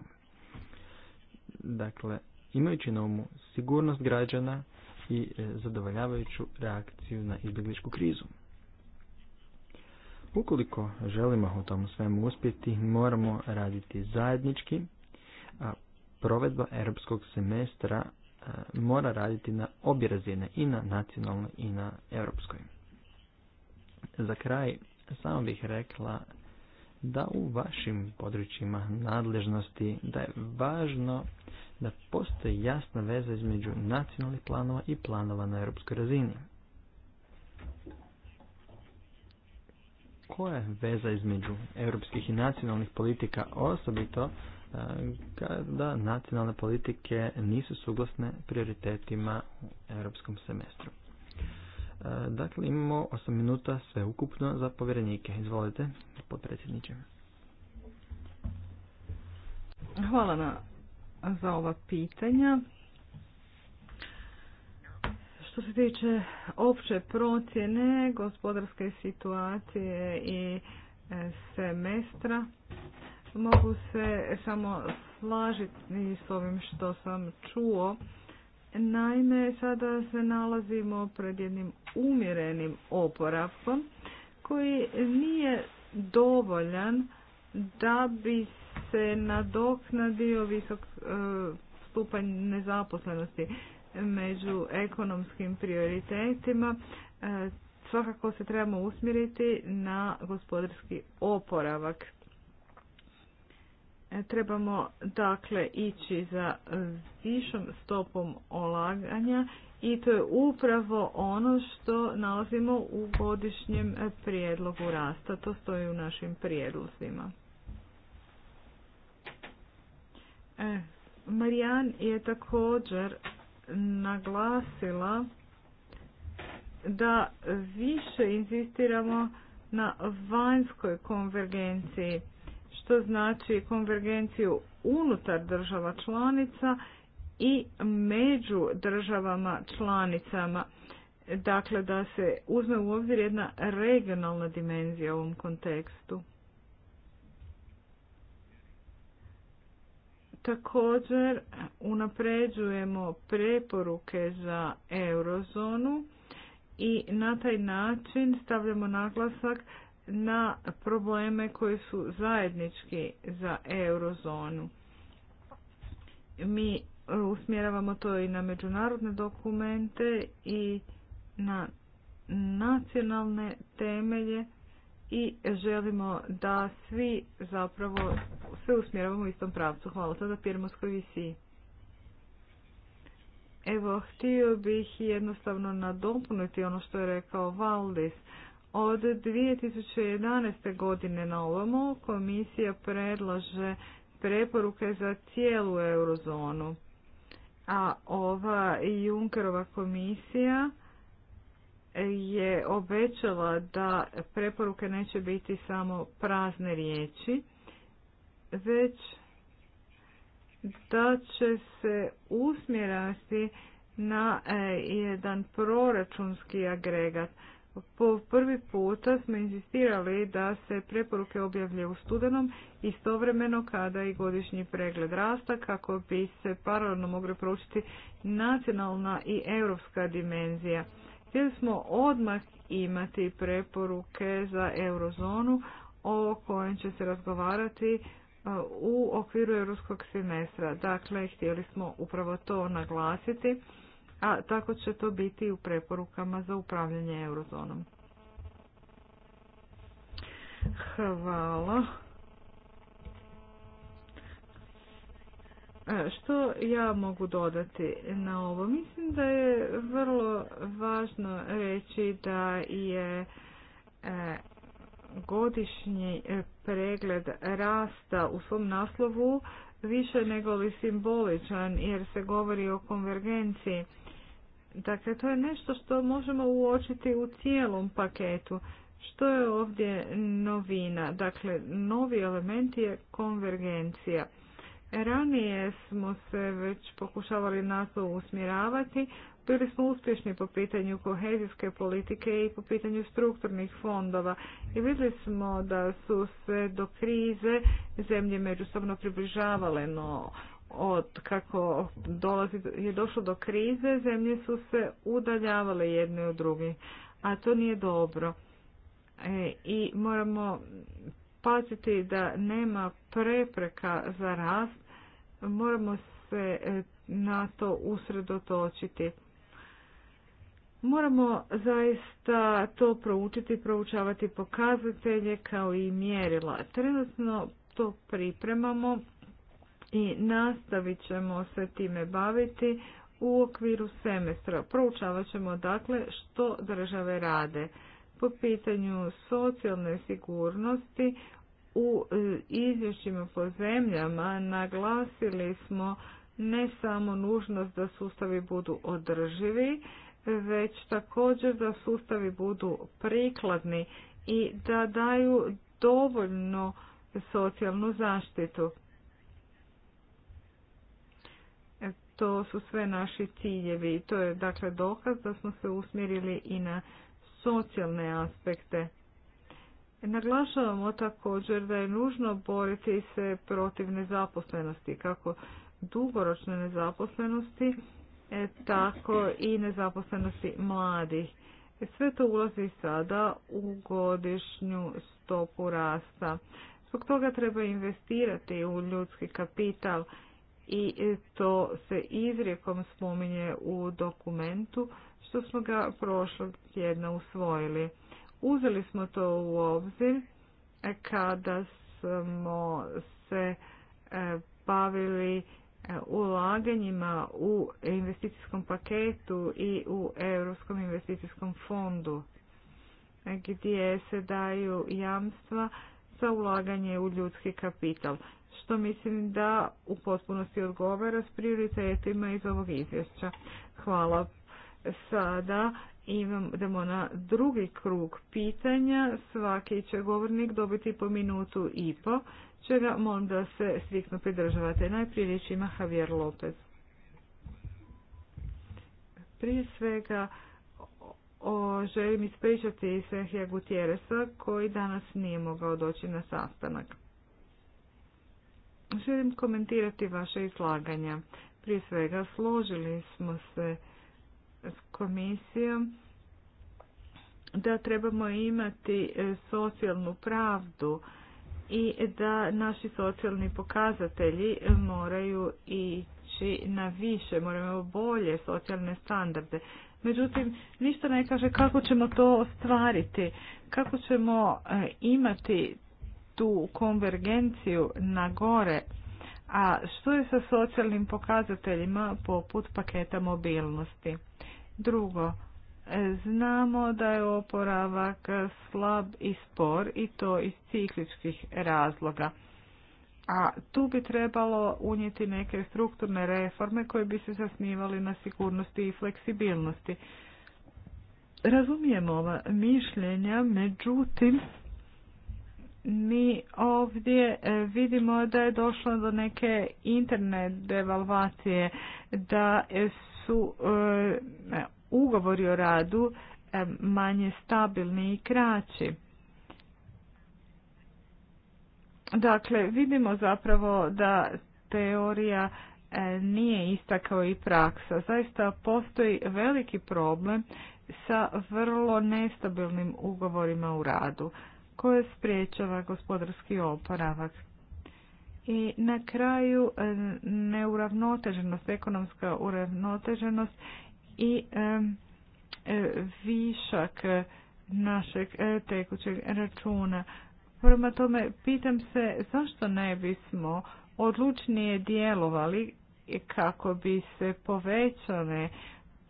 Dakle, imajući na umu sigurnost građana i e, zadovoljavajuću reakciju na izbjegličku krizu. Ukoliko želimo u tom svemu uspjeti, moramo raditi zajednički, a provedba europskog semestra E, mora raditi na obje razine, i na nacionalnoj i na europskoj. Za kraj, samo bih rekla da u vašim područjima nadležnosti da je važno da postoji jasna veza između nacionalnih planova i planova na europskoj razini. Koja je veza između europskih i nacionalnih politika osobito kada nacionalne politike nisu suglasne prioritetima u europskom semestru. E, dakle, imamo 8 minuta sve ukupno za povjerenike. Izvolite, potpredsjedniče. Hvala na, za ova pitanja. Što se tiče opće procjene gospodarske situacije i e, semestra, mogu se samo slažiti s ovim što sam čuo. Naime, sada se nalazimo pred jednim umjerenim oporavkom koji nije dovoljan da bi se nadoknadio visok e, stupanj nezaposlenosti među ekonomskim prioritetima. E, svakako se trebamo usmjeriti na gospodarski oporavak. E, trebamo dakle ići za e, višom stopom olaganja i to je upravo ono što nalazimo u godišnjem e, prijedlogu rasta. To stoji u našim prijedlozima. Marijan je također naglasila da više insistiramo na vanjskoj konvergenciji što znači konvergenciju unutar država članica i među državama članicama. Dakle, da se uzme u obzir jedna regionalna dimenzija u ovom kontekstu. Također, unapređujemo preporuke za eurozonu i na taj način stavljamo naglasak na probleme koji su zajednički za eurozonu. Mi usmjeravamo to i na međunarodne dokumente i na nacionalne temelje i želimo da svi zapravo sve usmjeravamo u istom pravcu. Hvala sada Pirmoskoj visi. Evo, htio bih jednostavno nadopuniti ono što je rekao Valdis od 2011. godine na ovamo komisija predlaže preporuke za cijelu eurozonu, a ova Junkerova komisija je obećala da preporuke neće biti samo prazne riječi, već da će se usmjerati na e, jedan proračunski agregat po prvi puta smo insistirali da se preporuke objavlje u studenom istovremeno kada i godišnji pregled rasta kako bi se paralelno mogli proučiti nacionalna i europska dimenzija. Htjeli smo odmah imati preporuke za eurozonu o kojem će se razgovarati e, u okviru europskog semestra. Dakle, htjeli smo upravo to naglasiti a tako će to biti u preporukama za upravljanje eurozonom. Hvala. E, što ja mogu dodati na ovo? Mislim da je vrlo važno reći da je e, godišnji e, pregled rasta u svom naslovu više nego li simboličan jer se govori o konvergenciji Dakle, to je nešto što možemo uočiti u cijelom paketu. Što je ovdje novina? Dakle, novi element je konvergencija. Ranije smo se već pokušavali na to usmjeravati, bili smo uspješni po pitanju kohezijske politike i po pitanju strukturnih fondova i vidjeli smo da su se do krize zemlje međusobno približavale, no od kako dolazi, je došlo do krize, zemlje su se udaljavale jedne od drugih, a to nije dobro. E, I moramo paziti da nema prepreka za rast, moramo se e, na to usredotočiti. Moramo zaista to proučiti, proučavati pokazatelje kao i mjerila. Trenutno to pripremamo i nastavit ćemo se time baviti u okviru semestra. Proučavat ćemo dakle što države rade po pitanju socijalne sigurnosti u e, izvješćima po zemljama naglasili smo ne samo nužnost da sustavi budu održivi, već također da sustavi budu prikladni i da daju dovoljno socijalnu zaštitu. to su sve naši ciljevi. To je dakle dokaz da smo se usmjerili i na socijalne aspekte. Naglašavamo također da je nužno boriti se protiv nezaposlenosti, kako dugoročne nezaposlenosti, e, tako i nezaposlenosti mladih. Sve to ulazi sada u godišnju stopu rasta. Zbog toga treba investirati u ljudski kapital i e, to se izrijekom spominje u dokumentu što smo ga prošlog tjedna usvojili. Uzeli smo to u obzir e, kada smo se e, bavili ulaganjima u investicijskom paketu i u Europskom investicijskom fondu gdje se daju jamstva za ulaganje u ljudski kapital što mislim da u potpunosti odgovara s prioritetima iz ovog izvješća. Hvala. Sada idemo na drugi krug pitanja. Svaki će govornik dobiti po minutu i po, čega molim da se striktno pridržavate. Najprije riječ ima Javier Lopez. Prije svega o, želim ispričati Serhija Gutjeresa koji danas nije mogao doći na sastanak. Želim komentirati vaše izlaganja. Prije svega složili smo se s komisijom da trebamo imati e, socijalnu pravdu i da naši socijalni pokazatelji e, moraju ići na više, moramo bolje socijalne standarde. Međutim, ništa ne kaže kako ćemo to ostvariti, kako ćemo e, imati tu konvergenciju na gore, a što je sa socijalnim pokazateljima poput paketa mobilnosti? Drugo, znamo da je oporavak slab i spor i to iz cikličkih razloga. A tu bi trebalo unijeti neke strukturne reforme koje bi se zasnivali na sigurnosti i fleksibilnosti. Razumijemo ova mišljenja, međutim, mi ovdje e, vidimo da je došlo do neke interne devalvacije, da su e, ugovori o radu e, manje stabilni i kraći. Dakle, vidimo zapravo da teorija nije ista kao i praksa. Zaista postoji veliki problem sa vrlo nestabilnim ugovorima u radu koje spriječava gospodarski oporavak. I na kraju e, neuravnoteženost, ekonomska uravnoteženost i e, e, višak našeg tekućeg računa. Prema tome, pitam se zašto ne bismo odlučnije djelovali kako bi se povećale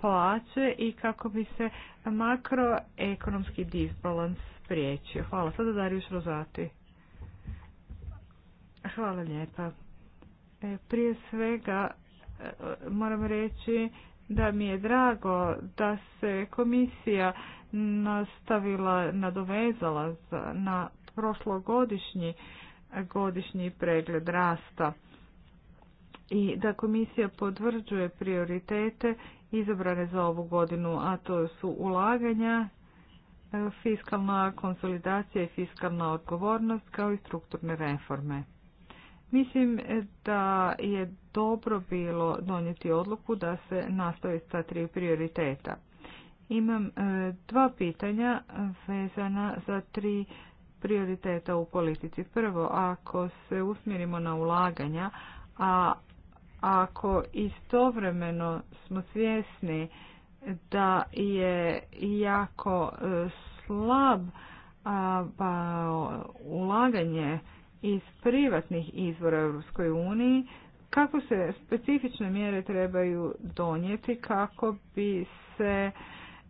plaće i kako bi se makroekonomski disbalans spriječio. Hvala. Sada dariju Rozati. Hvala lijepa. E, prije svega e, moram reći da mi je drago da se komisija nastavila, nadovezala na prošlogodišnji godišnji pregled rasta i da komisija podvrđuje prioritete izabrane za ovu godinu, a to su ulaganja, e, fiskalna konsolidacija i fiskalna odgovornost kao i strukturne reforme. Mislim e, da je dobro bilo donijeti odluku da se nastavi sa tri prioriteta. Imam e, dva pitanja vezana za tri prioriteta u politici. Prvo, ako se usmjerimo na ulaganja, a ako istovremeno smo svjesni da je jako e, slab pa, ulaganje iz privatnih izvora Europskoj uniji, kako se specifične mjere trebaju donijeti kako bi se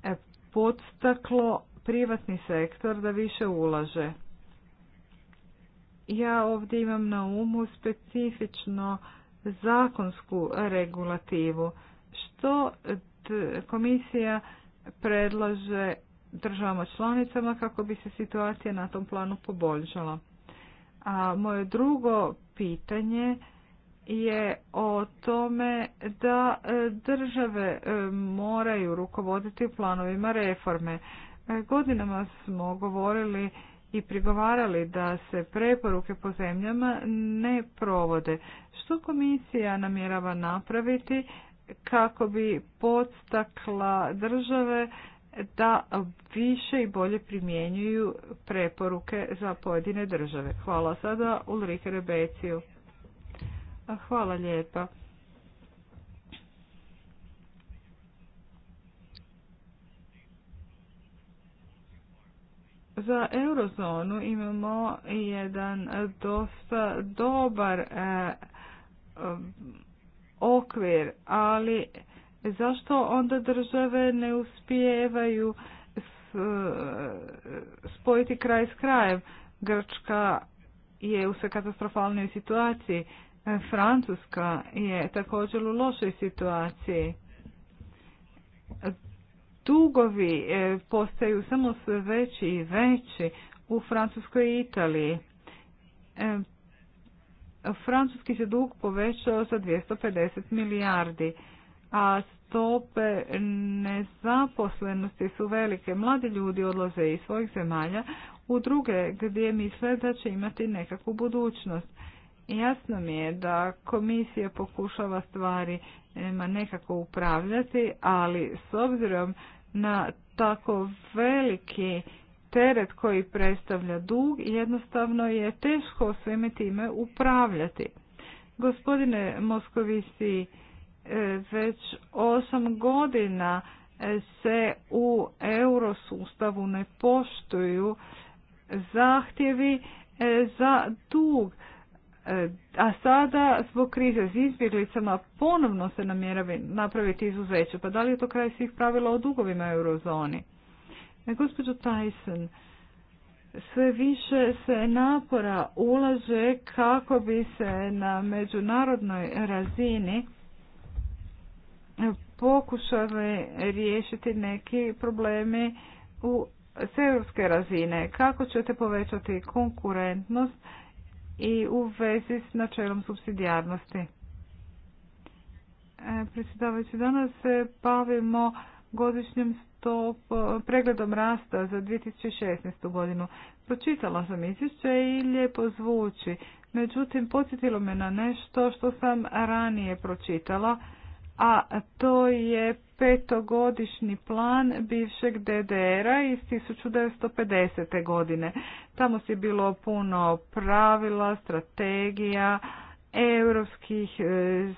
e, podstaklo privatni sektor da više ulaže. Ja ovdje imam na umu specifično zakonsku regulativu što komisija predlaže državama članicama kako bi se situacija na tom planu poboljšala. A moje drugo pitanje je o tome da e, države e, moraju rukovoditi planovima reforme. E, godinama smo govorili i prigovarali da se preporuke po zemljama ne provode. Što komisija namjerava napraviti kako bi podstakla države da više i bolje primjenjuju preporuke za pojedine države. Hvala sada Ulrike Rebeciju. Hvala lijepa. Za eurozonu imamo jedan dosta dobar e, okvir, ali zašto onda države ne uspijevaju e, spojiti kraj s krajem? Grčka je u sve katastrofalnoj situaciji. E, Francuska je također u lošoj situaciji dugovi e, postaju samo sve veći i veći u Francuskoj i Italiji. E, francuski se dug povećao za 250 milijardi, a stope nezaposlenosti su velike. Mladi ljudi odlaze iz svojih zemalja u druge gdje misle da će imati nekakvu budućnost. Jasno mi je da komisija pokušava stvari e, nekako upravljati, ali s obzirom na tako veliki teret koji predstavlja dug jednostavno je teško svime time upravljati. Gospodine Moskovisi, e, već osam godina e, se u eurosustavu ne poštuju zahtjevi e, za dug. E, a sada zbog krize s izbjeglicama ponovno se namjerava napraviti izuzeće. Pa da li je to kraj svih pravila o dugovima eurozoni? E, gospođo Tyson, sve više se napora ulaže kako bi se na međunarodnoj razini pokušali riješiti neki problemi u s europske razine. Kako ćete povećati konkurentnost i u vezi s načelom subsidijarnosti. E, predsjedavajući, danas se bavimo godišnjim stop, e, pregledom rasta za 2016. godinu. Pročitala sam izvješće i lijepo zvuči. Međutim, podsjetilo me na nešto što sam ranije pročitala a to je petogodišnji plan bivšeg DDR-a iz 1950. godine. Tamo se bilo puno pravila, strategija, europskih e,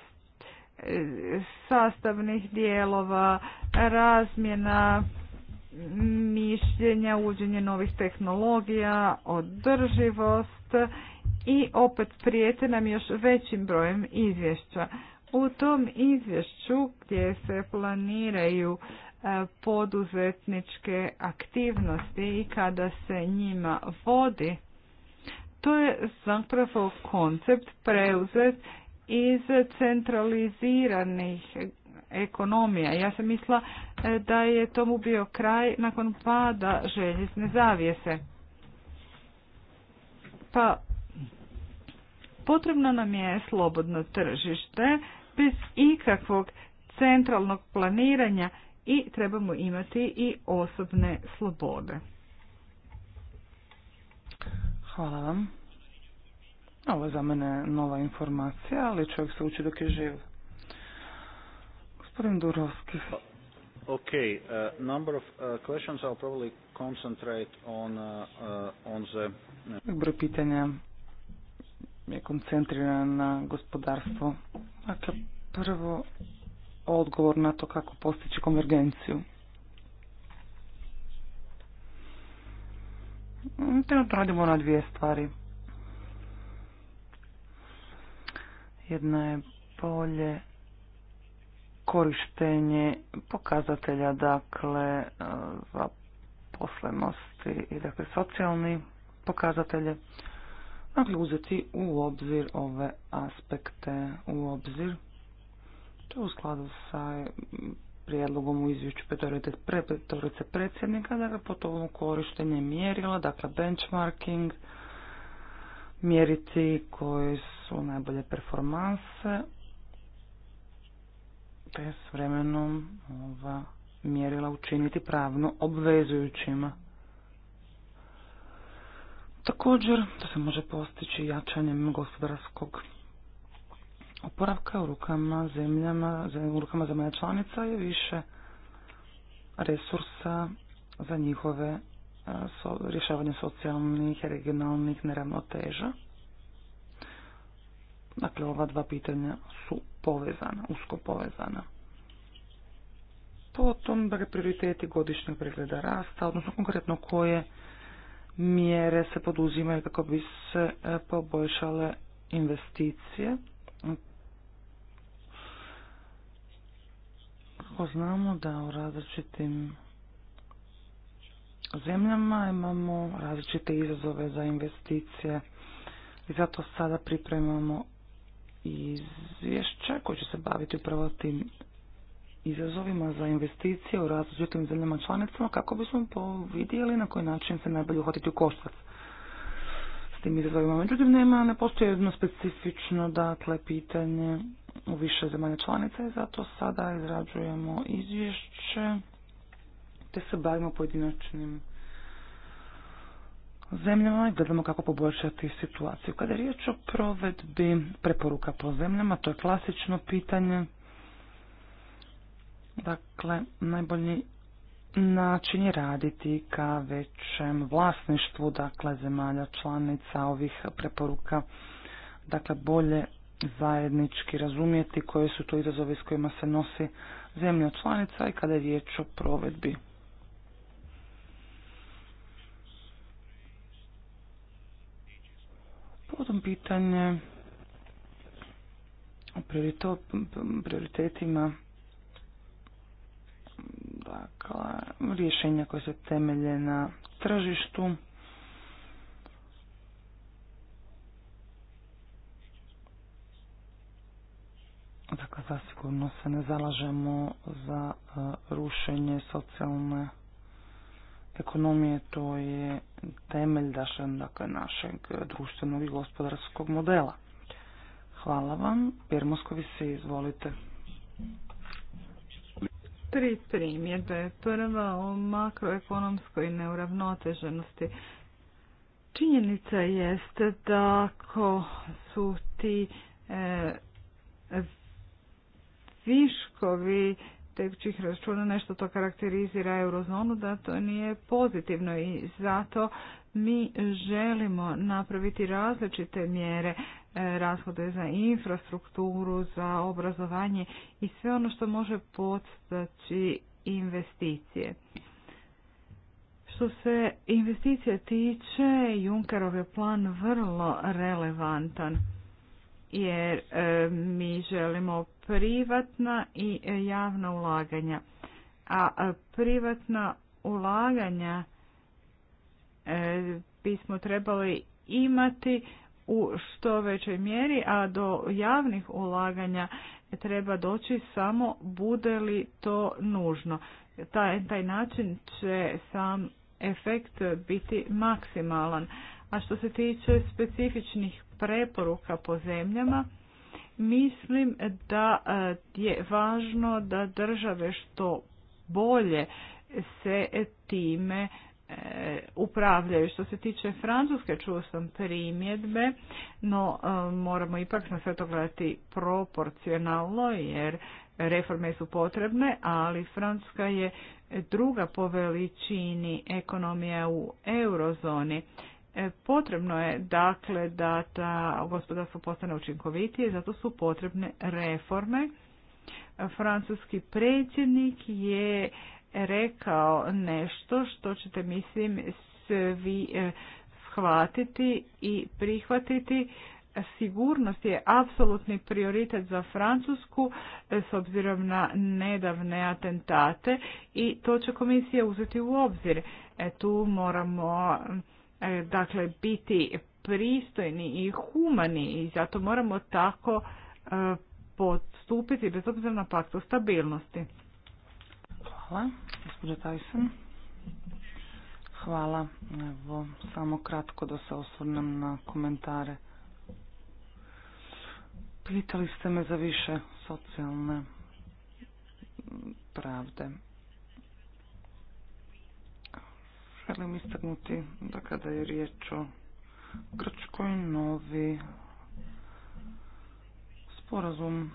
sastavnih dijelova, razmjena mišljenja, uđenje novih tehnologija, održivost i opet prijete nam još većim brojem izvješća. U tom izvješću gdje se planiraju e, poduzetničke aktivnosti i kada se njima vodi, to je zapravo koncept preuzet iz centraliziranih ekonomija. Ja sam mislila e, da je tomu bio kraj nakon pada željezne zavijese. Pa potrebno nam je slobodno tržište bez ikakvog centralnog planiranja i trebamo imati i osobne slobode. Hvala vam. Ovo je za mene nova informacija, ali čovjek se uči dok je živ. Gospodin Durovski. Okay, uh, number of uh, questions I'll probably concentrate on, uh, on the... Broj pitanja je koncentriran na gospodarstvo. Dakle, prvo odgovor na to kako postići konvergenciju. Trenutno radimo na dvije stvari. Jedna je polje korištenje pokazatelja, dakle, e, zaposlenosti i dakle, socijalni pokazatelje dakle uzeti u obzir ove aspekte u obzir. To u skladu sa prijedlogom u izvješću petorice predsjednika, ga potom korištenje mjerila, dakle benchmarking, mjeriti koje su najbolje performanse, te s vremenom ova mjerila učiniti pravno obvezujućima. Također, to se može postići jačanjem gospodarskog oporavka u rukama zemljama, u rukama zemalja članica je više resursa za njihove rješavanje socijalnih i regionalnih neravnoteža. Dakle, ova dva pitanja su povezana, usko povezana. Potom, da dakle, prioriteti godišnjeg pregleda rasta, odnosno konkretno koje mjere se poduzimaju kako bi se e, poboljšale investicije. Kako znamo da u različitim zemljama imamo različite izazove za investicije i zato sada pripremamo izvješće koje će se baviti upravo tim izazovima za investicije u različitim zemljama članicama kako bismo vidjeli na koji način se najbolje uhvatiti u koštac s tim izazovima. Međutim, nema, ne postoji jedno specifično dakle, pitanje u više zemalja članica i zato sada izrađujemo izvješće te se bavimo pojedinačnim zemljama i gledamo kako poboljšati situaciju. Kada je riječ o provedbi preporuka po zemljama, to je klasično pitanje. Dakle, najbolji način je raditi ka većem vlasništvu, dakle, zemalja članica ovih preporuka. Dakle, bolje zajednički razumjeti koje su to izazovi s kojima se nosi zemlja članica i kada je riječ o provedbi. Potom pitanje o prioritetima Dakle, rješenja koje se temelje na tržištu. Dakle, zasigurno se ne zalažemo za e, rušenje socijalne ekonomije, to je temelj dakle, našeg društvenog i gospodarskog modela. Hvala vam. Permoskovi se izvolite tri primjedbe. Prva o makroekonomskoj neuravnoteženosti. Činjenica jeste da ako su ti e, viškovi tekućih računa nešto to karakterizira eurozonu, da to nije pozitivno i zato mi želimo napraviti različite mjere E, rashode za infrastrukturu, za obrazovanje i sve ono što može podstaći investicije. Što se investicija tiče, Junkerov je plan vrlo relevantan jer e, mi želimo privatna i javna ulaganja. A privatna ulaganja e, bismo trebali imati u što većoj mjeri, a do javnih ulaganja treba doći samo bude li to nužno. Taj, taj način će sam efekt biti maksimalan. A što se tiče specifičnih preporuka po zemljama, mislim da e, je važno da države što bolje se time upravljaju. Što se tiče Francuske, čuo sam primjedbe, no e, moramo ipak na sve to gledati proporcionalno jer reforme su potrebne, ali Francuska je druga po veličini ekonomija u eurozoni. E, potrebno je dakle da ta gospodarstvo postane učinkovitije, zato su potrebne reforme. Francuski predsjednik je rekao nešto što ćete mislim svi eh, shvatiti i prihvatiti. Sigurnost je apsolutni prioritet za Francusku eh, s obzirom na nedavne atentate i to će komisija uzeti u obzir. E, tu moramo eh, dakle biti pristojni i humani i zato moramo tako podstupiti bez obzira na paktu stabilnosti. Hvala, gospođa Tyson. Hvala. Evo, samo kratko da se osvrnem na komentare. Pitali ste me za više socijalne pravde. Želim istaknuti da kada je riječ o Grčkoj novi sporazum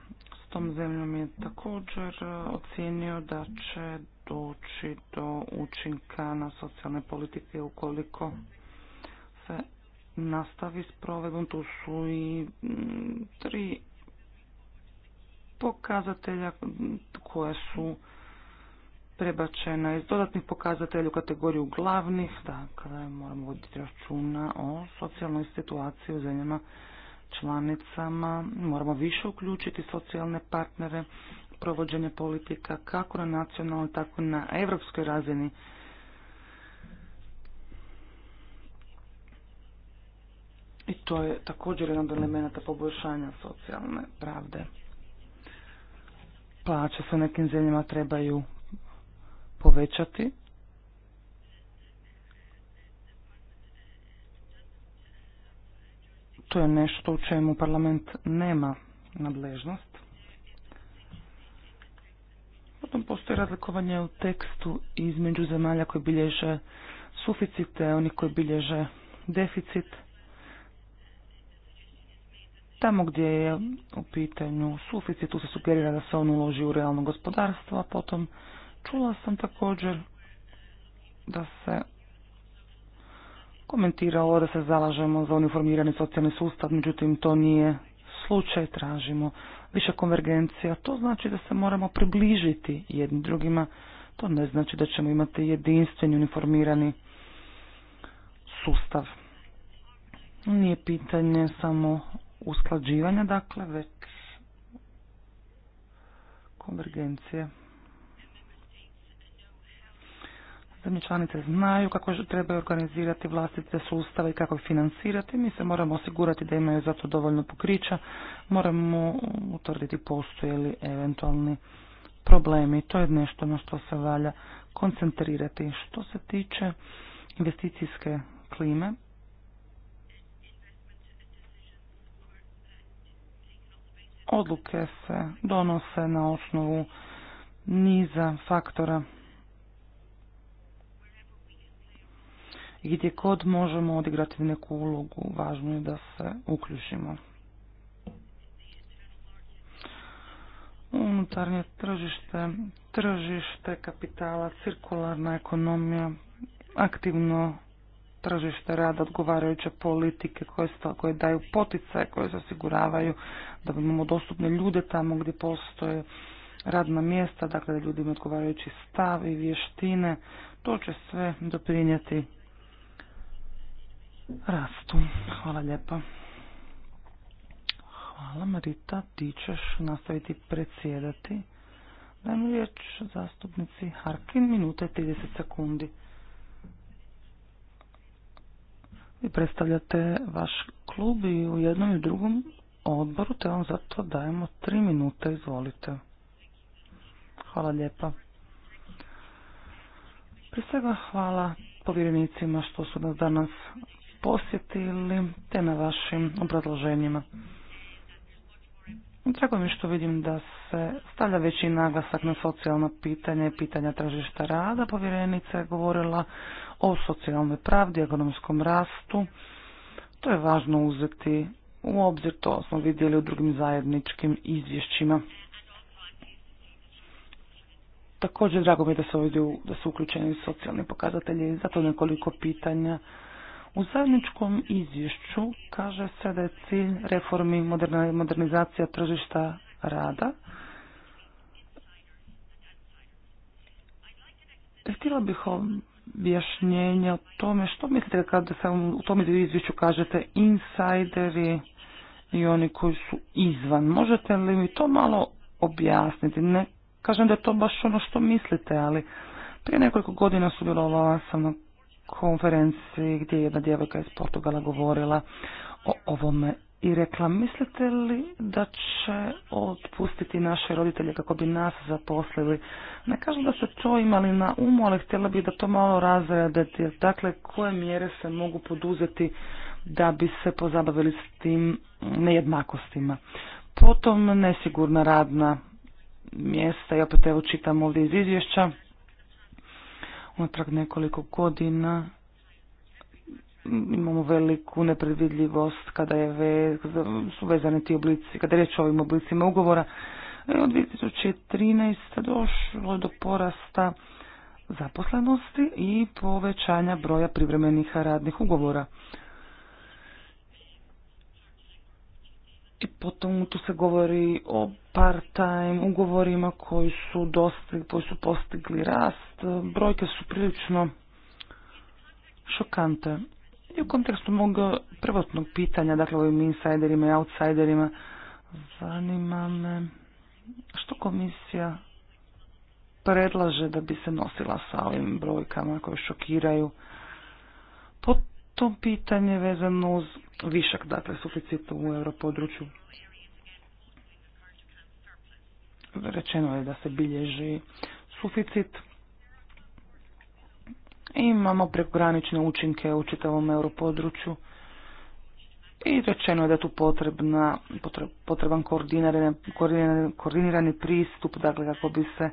tom zemljom je također e, ocijenio da će doći do učinka na socijalne politike ukoliko se nastavi s provedom. Tu su i tri pokazatelja koje su prebačena iz dodatnih pokazatelja u kategoriju glavnih, dakle moramo voditi računa o socijalnoj situaciji u zemljama članicama, moramo više uključiti socijalne partnere, provođenje politika kako na nacionalnoj, tako na evropskoj razini. I to je također jedan od elemenata poboljšanja socijalne pravde. Plaće se nekim zemljama trebaju povećati, to je nešto u čemu parlament nema nadležnost. Potom postoji razlikovanje u tekstu između zemalja koje bilježe suficite, oni koji bilježe deficit. Tamo gdje je u pitanju suficit, tu se sugerira da se on uloži u realno gospodarstvo, a potom čula sam također da se Komentirao da se zalažemo za uniformirani socijalni sustav, međutim to nije slučaj, tražimo više konvergencija. To znači da se moramo približiti jednim drugima, to ne znači da ćemo imati jedinstveni uniformirani sustav. Nije pitanje samo usklađivanja, dakle, već konvergencije. Zemlje članice znaju kako treba organizirati vlastite sustave i kako ih financirati. Mi se moramo osigurati da imaju za to dovoljno pokrića. Moramo utvrditi postoje li eventualni problemi. To je nešto na što se valja koncentrirati. Što se tiče investicijske klime, odluke se donose na osnovu niza faktora gdje kod možemo odigrati neku ulogu, važno je da se uključimo. Unutarnje tržište, tržište kapitala, cirkularna ekonomija, aktivno tržište rada, odgovarajuće politike koje, koje daju poticaje, koje se osiguravaju da imamo dostupne ljude tamo gdje postoje radna mjesta, dakle da ljudi imaju odgovarajući stav i vještine, to će sve doprinijeti rastu. Hvala lijepa. Hvala Marita, ti ćeš nastaviti predsjedati. Dajem riječ zastupnici Harkin, minuta i 30 sekundi. Vi predstavljate vaš klub i u jednom i drugom odboru, te vam zato dajemo tri minute, izvolite. Hvala lijepa. Prije svega hvala povjerenicima što su nas danas posjetili te na vašim obrazloženjima. Drago mi što vidim da se stavlja veći naglasak na socijalno pitanje i pitanja tržišta rada. Povjerenica je govorila o socijalnoj pravdi, ekonomskom rastu. To je važno uzeti u obzir, to smo vidjeli u drugim zajedničkim izvješćima. Također drago mi je da se ovdje da su uključeni socijalni pokazatelji, zato nekoliko pitanja u zajedničkom izvješću kaže se da je cilj reformi modernizacija tržišta rada. Htjela bih objašnjenje o tome što mislite kada se u tom izvješću kažete insajderi i oni koji su izvan. Možete li mi to malo objasniti? Ne kažem da je to baš ono što mislite, ali prije nekoliko godina sudjelovala sam na konferenciji gdje je jedna djevojka iz Portugala govorila o ovome i rekla mislite li da će otpustiti naše roditelje kako bi nas zaposlili? Ne kažem da su to imali na umu, ali htjela bi da to malo razrediti. Dakle, koje mjere se mogu poduzeti da bi se pozabavili s tim nejednakostima? Potom nesigurna radna mjesta, ja opet evo čitam ovdje iz izvješća, unatrag nekoliko godina imamo veliku nepredvidljivost kada je ve, su vezani ti oblici, kada je riječ o ovim oblicima ugovora. E, od 2013. došlo do porasta zaposlenosti i povećanja broja privremenih radnih ugovora. I potom tu se govori o part-time ugovorima koji su, dostigli, koji su postigli rast. Brojke su prilično šokante. I u kontekstu mog prvotnog pitanja, dakle ovim insajderima i outsiderima, zanima me što komisija predlaže da bi se nosila sa ovim brojkama koje šokiraju. Potom to pitanje vezano uz višak, dakle suficit u europodručju. Rečeno je da se bilježi suficit. Imamo prekogranične učinke u čitavom europodručju i rečeno je da je tu potrebna, potreban koordinirani, koordinirani pristup, dakle kako bi se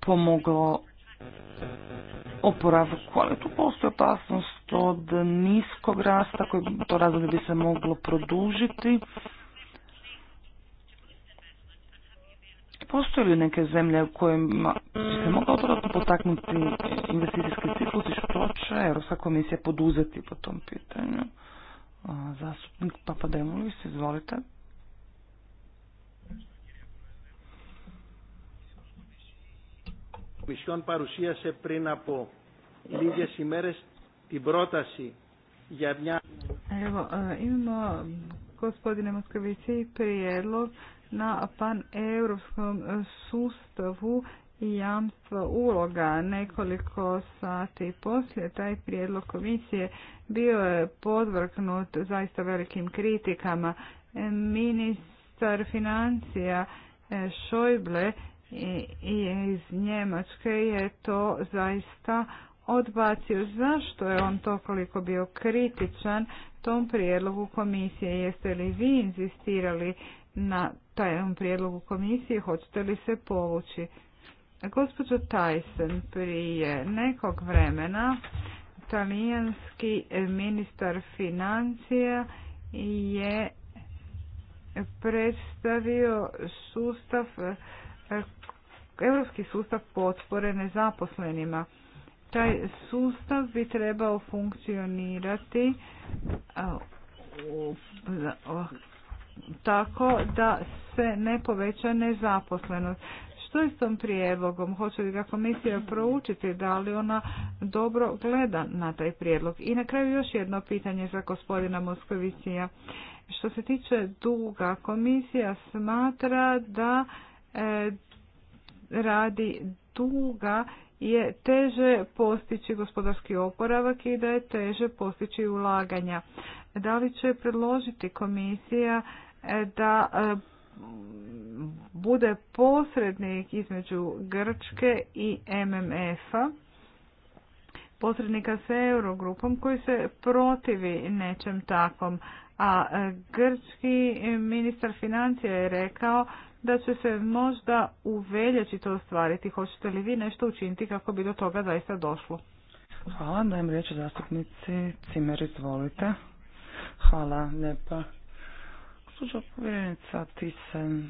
pomoglo oporavu ali tu postoji opasnost od niskog rasta, koji to razdoblje bi se moglo produžiti. Postoje li neke zemlje u kojima bi se mogao dodatno potaknuti investicijski ciklus i što će Europska komisija poduzeti po tom pitanju? Zastupnik Papademulis, izvolite. Κομισιόν παρουσίασε πριν από λίγες ημέρες την πρόταση για μια... Evo, e, imamo gospodine Moskovici prijedlog na pan-europskom sustavu jamstva uloga. Nekoliko sati poslije taj prijedlog komisije bio je podvrknut zaista velikim kritikama. E, ministar financija Šojble e, i iz Njemačke je to zaista odbacio. Zašto je on toliko bio kritičan tom prijedlogu komisije? Jeste li vi inzistirali na tajom prijedlogu komisije? Hoćete li se povući? Gospođo Tyson, prije nekog vremena talijanski ministar financija je predstavio sustav europski sustav potpore nezaposlenima. Taj sustav bi trebao funkcionirati tako da se ne poveća nezaposlenost. Što je s tom prijedlogom? Hoće li ga komisija proučiti? Da li ona dobro gleda na taj prijedlog? I na kraju još jedno pitanje za gospodina Moskovicija. Što se tiče duga, komisija smatra da e, radi duga je teže postići gospodarski oporavak i da je teže postići ulaganja. Da li će predložiti komisija e, da e, bude posrednik između Grčke i MMF-a, posrednika s Eurogrupom koji se protivi nečem takvom. A e, grčki ministar financija je rekao da će se možda u veljači to ostvariti. Hoćete li vi nešto učiniti kako bi do toga zaista došlo? Hvala, dajem riječ zastupnici Cimer, izvolite. Hvala, lijepa. Suđa povjerenica se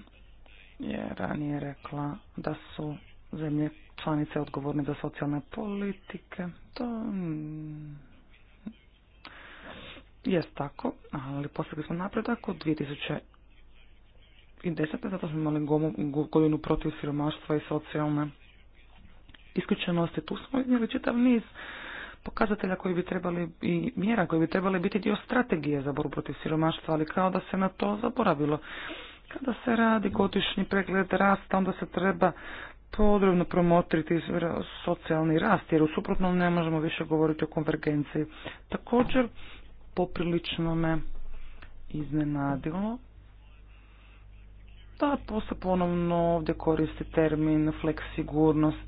je ranije rekla da su zemlje članice odgovorne za socijalne politike. To mm, jest tako, ali postigli smo napredak od 2000 desetne, zato smo imali godinu protiv siromaštva i socijalne isključenosti. Tu smo iznijeli čitav niz pokazatelja koji bi trebali i mjera koji bi trebali biti dio strategije za borbu protiv siromaštva, ali kao da se na to zaboravilo. Kada se radi godišnji pregled rasta, onda se treba podrobno promotriti socijalni rast, jer u suprotnom ne možemo više govoriti o konvergenciji. Također, poprilično me iznenadilo da se ponovno ovdje koristi termin fleksigurnost.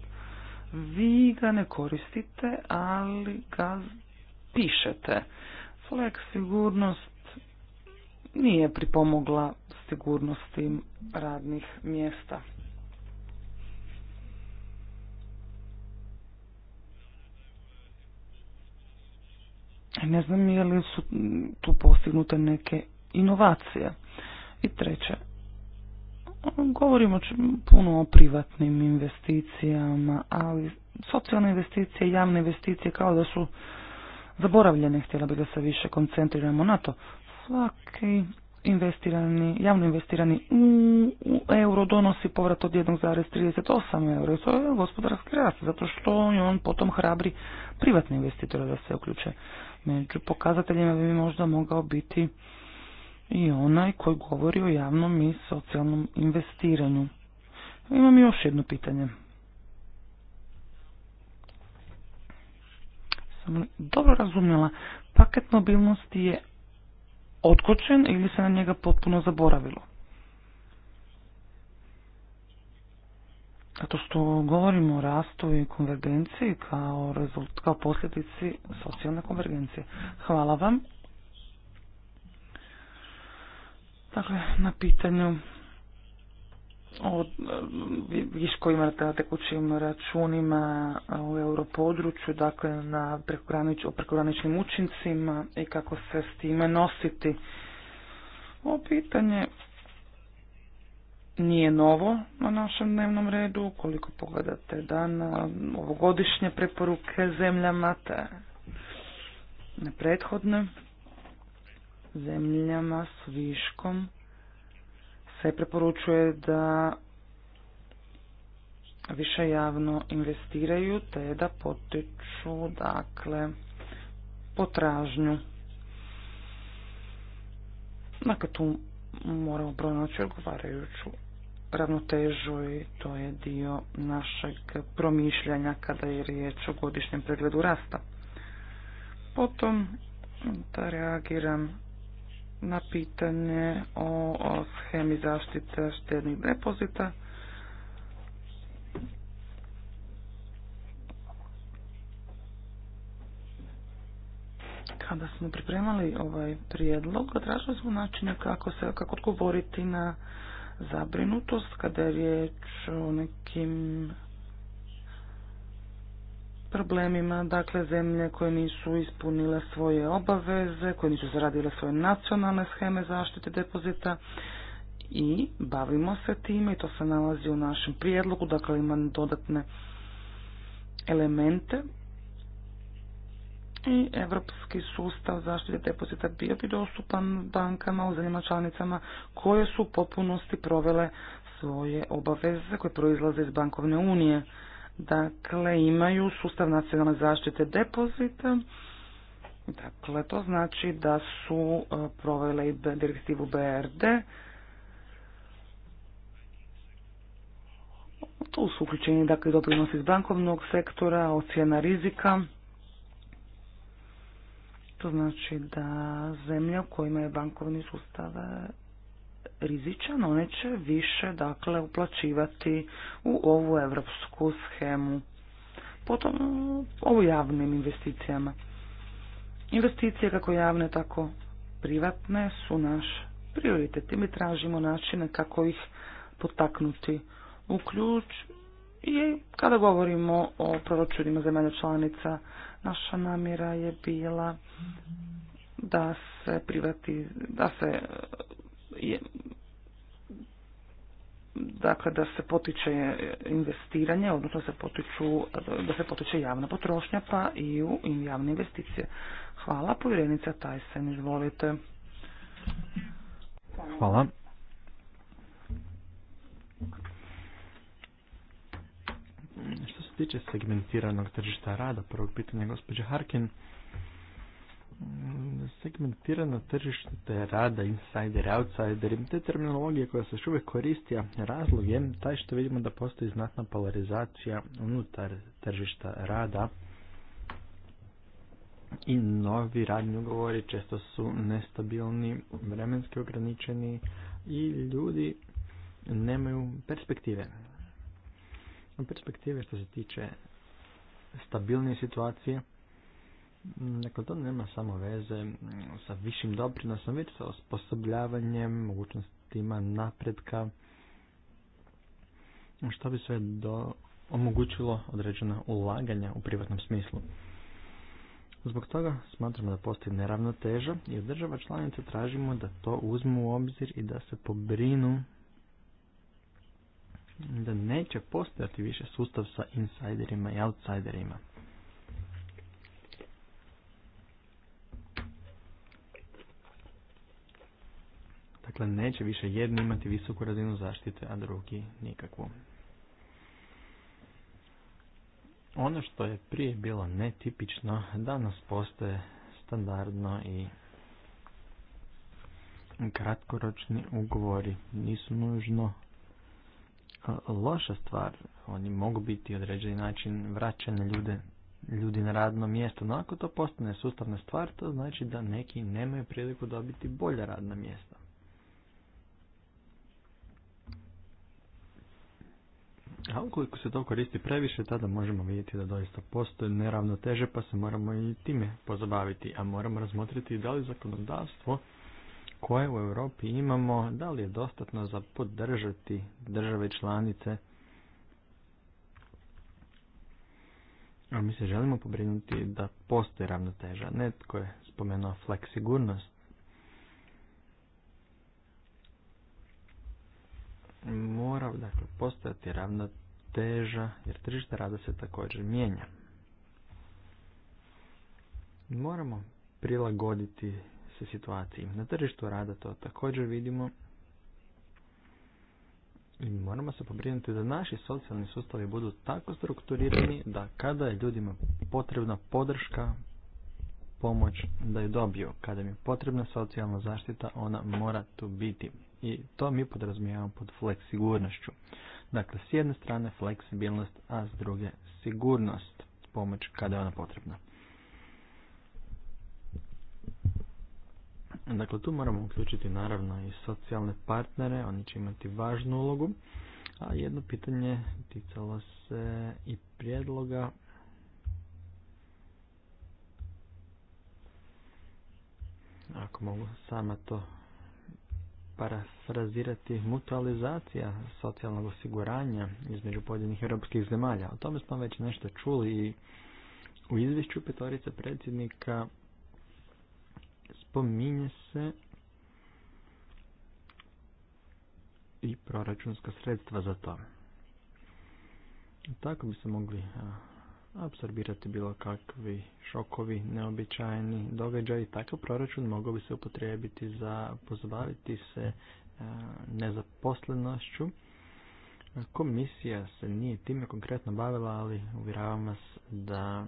Vi ga ne koristite, ali ga pišete. sigurnost nije pripomogla sigurnosti radnih mjesta. Ne znam je li su tu postignute neke inovacije. I treće, Govorimo puno o privatnim investicijama, ali socijalne investicije javne investicije kao da su zaboravljene, htjela bi da se više koncentriramo na to. Svaki investirani, javno investirani u, euro donosi povrat od 1,38 euro. To je gospodarski rast, zato što je on potom hrabri privatni investitore da se uključe. Među pokazateljima bi možda mogao biti i onaj koji govori o javnom i socijalnom investiranju. Imam još jedno pitanje. Sam dobro razumjela, paket mobilnosti je otkočen ili se na njega potpuno zaboravilo? Zato što govorimo o rastu i konvergenciji kao, rezult, kao posljedici socijalne konvergencije. Hvala vam. Dakle, na pitanju o viškovima e, na tekućim računima e, u europodručju, dakle na prekogranič, o prekograničnim učincima i kako se s time nositi. Ovo pitanje nije novo na našem dnevnom redu, koliko pogledate dana, ovogodišnje preporuke zemljama, te prethodne zemljama s viškom se preporučuje da više javno investiraju te da potiču dakle potražnju. Dakle, tu moramo pronaći odgovarajuću ravnotežu i to je dio našeg promišljanja kada je riječ o godišnjem pregledu rasta. Potom da reagiram na pitanje o, schemi zaštite štednih depozita. Kada smo pripremali ovaj prijedlog, tražili smo načine kako se kako odgovoriti na zabrinutost kada je riječ o nekim problemima, dakle zemlje koje nisu ispunile svoje obaveze, koje nisu zaradile svoje nacionalne scheme zaštite depozita i bavimo se time i to se nalazi u našem prijedlogu, dakle ima dodatne elemente i evropski sustav zaštite depozita bio bi dostupan bankama u zemljama članicama koje su u potpunosti provele svoje obaveze koje proizlaze iz bankovne unije. Dakle, imaju sustav nacionalne zaštite depozita. Dakle, to znači da su e, provele i direktivu BRD. Tu su uključeni dakle, doprinos iz bankovnog sektora, ocjena rizika. To znači da zemlja u kojima je bankovni sustav rizičan, one će više dakle uplaćivati u ovu evropsku schemu. Potom o javnim investicijama. Investicije kako javne tako privatne su naš prioritet i mi tražimo načine kako ih potaknuti u ključ i kada govorimo o proračunima zemalja članica naša namjera je bila da se privati, da se dakle da se potiče investiranje, odnosno se potiču, da se potiče javna potrošnja pa i u javne investicije. Hvala, povjerenica Tajsen, izvolite. Hvala. Što se tiče segmentiranog tržišta rada, prvo pitanje gospođe Harkin, segmentirano tržište rada, insider, outsider, te terminologije koja se još uvijek koristi, a razlog je taj što vidimo da postoji znatna polarizacija unutar tržišta rada i novi radni ugovori često su nestabilni, vremenski ograničeni i ljudi nemaju perspektive. Perspektive što se tiče stabilnije situacije, Mm, dakle, to nema samo veze mm, sa višim doprinosom, već sa osposobljavanjem, mogućnostima napretka, što bi sve do, omogućilo određena ulaganja u privatnom smislu. Zbog toga smatramo da postoji neravnoteža i od država članica tražimo da to uzmu u obzir i da se pobrinu da neće postojati više sustav sa insajderima i outsajderima Dakle, neće više jedni imati visoku razinu zaštite, a drugi nikakvu. Ono što je prije bilo netipično, danas postoje standardno i kratkoročni ugovori. Nisu nužno loša stvar. Oni mogu biti određeni način vraćene ljude ljudi na radno mjesto. No ako to postane sustavna stvar, to znači da neki nemaju priliku dobiti bolja radna mjesta. A ukoliko se to koristi previše, tada možemo vidjeti da doista postoje neravnoteže, pa se moramo i time pozabaviti. A moramo razmotriti da li zakonodavstvo koje u Europi imamo, da li je dostatno za podržati države članice. Ali mi se želimo pobrinuti da postoji ravnoteža. Netko je spomenuo fleksigurnost mora dakle, postojati ravnoteža jer tržište rada se također mijenja. Moramo prilagoditi se situaciji. Na tržištu rada to također vidimo i moramo se pobrinuti da naši socijalni sustavi budu tako strukturirani da kada je ljudima potrebna podrška, pomoć da je dobiju. Kada im je potrebna socijalna zaštita, ona mora tu biti i to mi podrazumijevamo pod fleksigurnošću. Dakle, s jedne strane fleksibilnost, a s druge sigurnost, pomoć kada je ona potrebna. Dakle, tu moramo uključiti naravno i socijalne partnere, oni će imati važnu ulogu. A jedno pitanje ticalo se i prijedloga ako mogu sama to parafrazirati mutualizacija socijalnog osiguranja između pojedinih europskih zemalja. O tome smo već nešto čuli i u izvješću petorica predsjednika spominje se i proračunska sredstva za to. Tako bi se mogli apsorbirati bilo kakvi šokovi, neobičajni događaj. Takav proračun mogao bi se upotrijebiti za pozabaviti se e, nezaposlenošću. Komisija se nije time konkretno bavila, ali uvjeravam vas da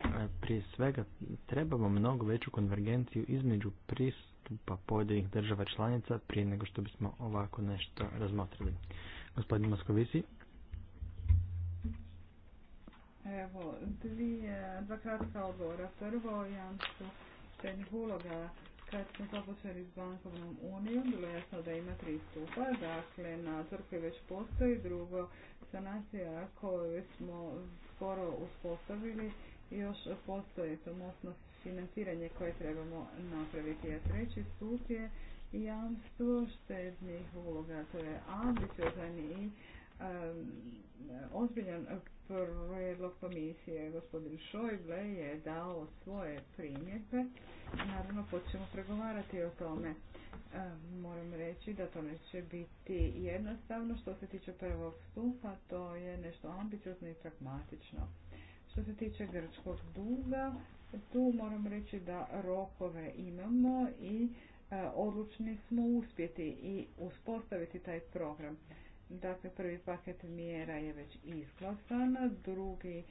e, prije svega trebamo mnogo veću konvergenciju između pristupa pojedinih država članica prije nego što bismo ovako nešto razmotrili. Gospodin Moskovici. Evo, dvije, dva kratka odgovora. Prvo, jamstvo štenih uloga. Kad smo započeli s bankovnom unijom, bilo je jasno da ima tri stupa, dakle na koji već postoji, drugo sanacija koju smo skoro uspostavili i još postoje to mostno financiranje koje trebamo napraviti. A treći stup je jamstvo štednih uloga, to je ambiciozan i ozbiljan prijedlog komisije gospodin Šojble je dao svoje primjedbe. Naravno, počnemo pregovarati o tome. Moram reći da to neće biti jednostavno. Što se tiče prvog stupa, to je nešto ambiciozno i pragmatično. Što se tiče grčkog duga, tu moram reći da rokove imamo i e, odlučni smo uspjeti i uspostaviti taj program. Dakle, prvi paket mjera je već izglasan, drugi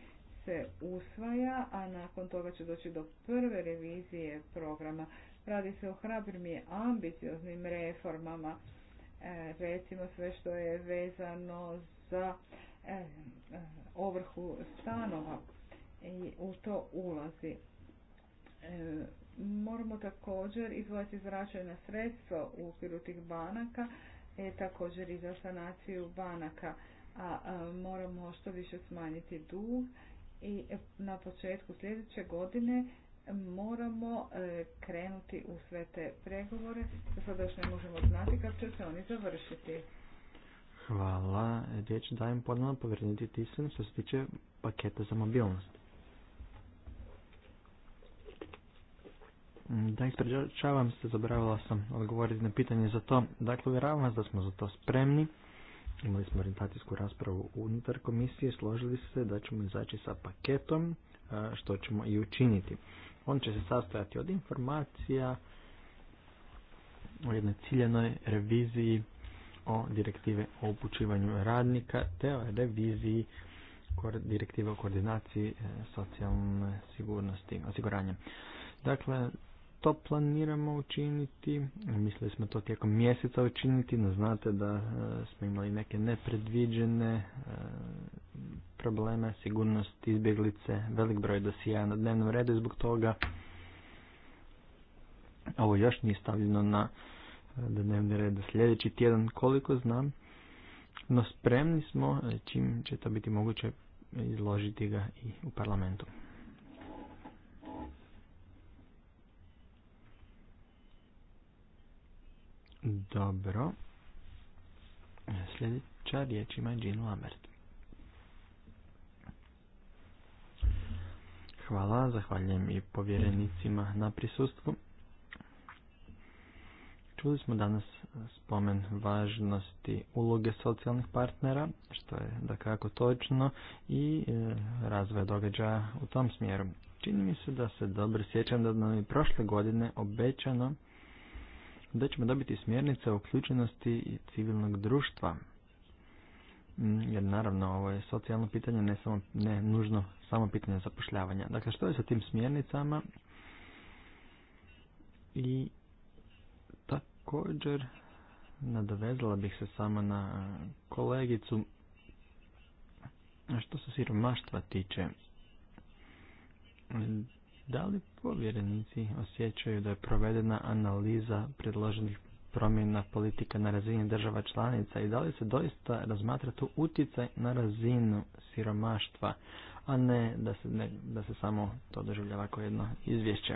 se usvaja, a nakon toga će doći do prve revizije programa. Radi se o hrabrim i ambicioznim reformama, e, recimo sve što je vezano za e, ovrhu stanova i u to ulazi. E, moramo također izvojati zračajna sredstva u okviru tih banaka E također i za sanaciju banaka, a, moramo što više smanjiti dug i na početku sljedeće godine moramo e, krenuti u sve te pregovore. Sada još ne možemo znati kad će se oni završiti. Hvala. Riječ dajem ponovno povjerniti što se tiče paketa za mobilnost. Mm, da, ispričavam se, zaboravila sam odgovoriti na pitanje za to. Dakle, uvjeravam vas da smo za to spremni. Imali smo orientacijsku raspravu unutar komisije, složili se da ćemo izaći sa paketom, e, što ćemo i učiniti. On će se sastojati od informacija o jednoj ciljenoj reviziji o direktive o upućivanju radnika te o reviziji direktive o koordinaciji e, socijalne sigurnosti osiguranja. Dakle, to planiramo učiniti. Mislili smo to tijekom mjeseca učiniti, no znate da e, smo imali neke nepredviđene e, probleme, sigurnost, izbjeglice, velik broj dosija na dnevnom redu zbog toga ovo još nije stavljeno e, na dnevni red sljedeći tjedan koliko znam, no spremni smo čim će to biti moguće izložiti ga i u parlamentu. Dobro. Sljedeća riječ ima Jean Lambert. Hvala, zahvaljujem i povjerenicima na prisustvu. Čuli smo danas spomen važnosti uloge socijalnih partnera, što je da kako točno, i e, razvoja događaja u tom smjeru. Čini mi se da se dobro sjećam da nam je prošle godine obećano da ćemo dobiti smjernice o uključenosti civilnog društva. Mm, jer naravno ovo je socijalno pitanje, ne, samo, ne nužno samo pitanje zapošljavanja. Dakle, što je sa tim smjernicama? I također nadovezala bih se samo na kolegicu što se siromaštva tiče da li povjerenici osjećaju da je provedena analiza predloženih promjena politika na razini država članica i da li se doista razmatra tu utjecaj na razinu siromaštva, a ne da se, ne, da se samo to doživljava kao jedno izvješće.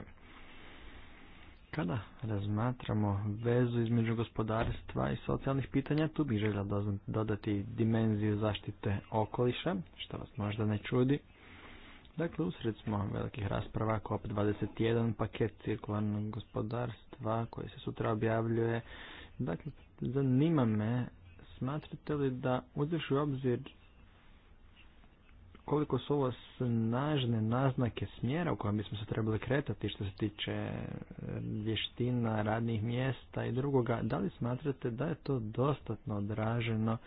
Kada razmatramo vezu između gospodarstva i socijalnih pitanja, tu bih željela dodati dimenziju zaštite okoliša, što vas možda ne čudi, Dakle, usred smo velikih rasprava COP21, paket cirkularnog gospodarstva koji se sutra objavljuje. Dakle, zanima me, smatrate li da uzeš u obzir koliko su ovo snažne naznake smjera u kojem bismo se trebali kretati što se tiče e, vještina, radnih mjesta i drugoga, da li smatrate da je to dostatno odraženo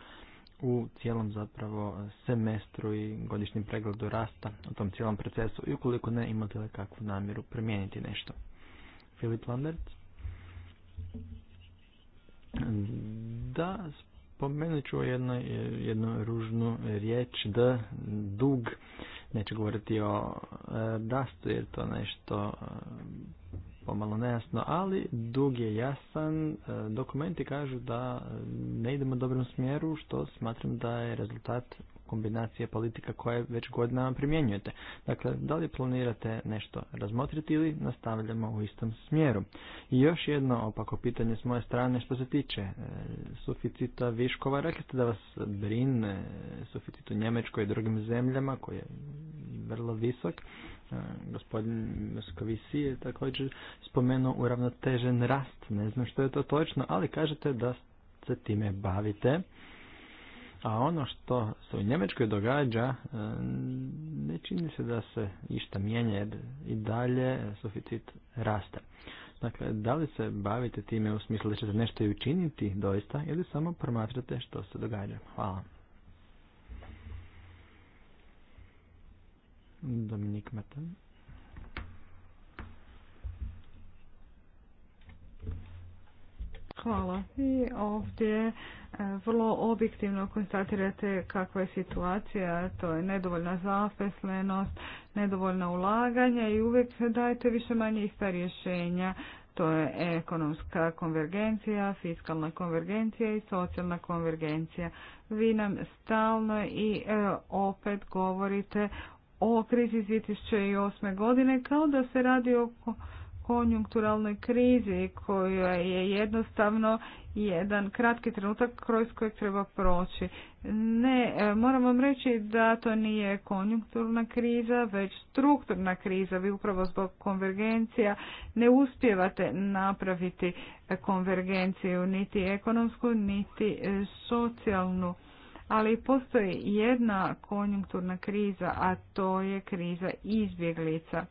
u cijelom zapravo semestru i godišnjem pregledu rasta u tom cijelom procesu i ukoliko ne imate li kakvu namjeru promijeniti nešto. Filip Landert? Da, spomenut ću jednu, jednu ružnu riječ, da dug, neću govoriti o e, rastu jer to nešto pomalo nejasno, ali dug je jasan. E, dokumenti kažu da e, ne idemo u dobrom smjeru, što smatram da je rezultat kombinacije politika koje već godinama primjenjujete. Dakle, da li planirate nešto razmotriti ili nastavljamo u istom smjeru? I još jedno opako pitanje s moje strane što se tiče e, suficita viškova. Rekli ste da vas brine suficit u Njemačkoj i drugim zemljama koji je vrlo visok. Gospodin Moskovisi je također spomenuo uravnotežen rast. Ne znam što je to točno, ali kažete da se time bavite. A ono što se u Njemačkoj događa, e, ne čini se da se išta mijenja jer i dalje suficit raste. Dakle, da li se bavite time u smislu da ćete nešto i učiniti doista ili samo promatrate što se događa? Hvala. Dominik Hvala. I ovdje e, vrlo objektivno konstatirate kakva je situacija, to je nedovoljna zapeslenost, nedovoljna ulaganja i uvijek dajete više manje ista rješenja. To je ekonomska konvergencija, fiskalna konvergencija i socijalna konvergencija. Vi nam stalno i e, opet govorite o krizi iz 2008. godine kao da se radi o konjunkturalnoj krizi koja je jednostavno jedan kratki trenutak kroz kojeg treba proći. Ne, e, moram vam reći da to nije konjunkturna kriza, već strukturna kriza. Vi upravo zbog konvergencija ne uspijevate napraviti konvergenciju, niti ekonomsku, niti e, socijalnu ali postoji jedna konjunkturna kriza, a to je kriza izbjeglica.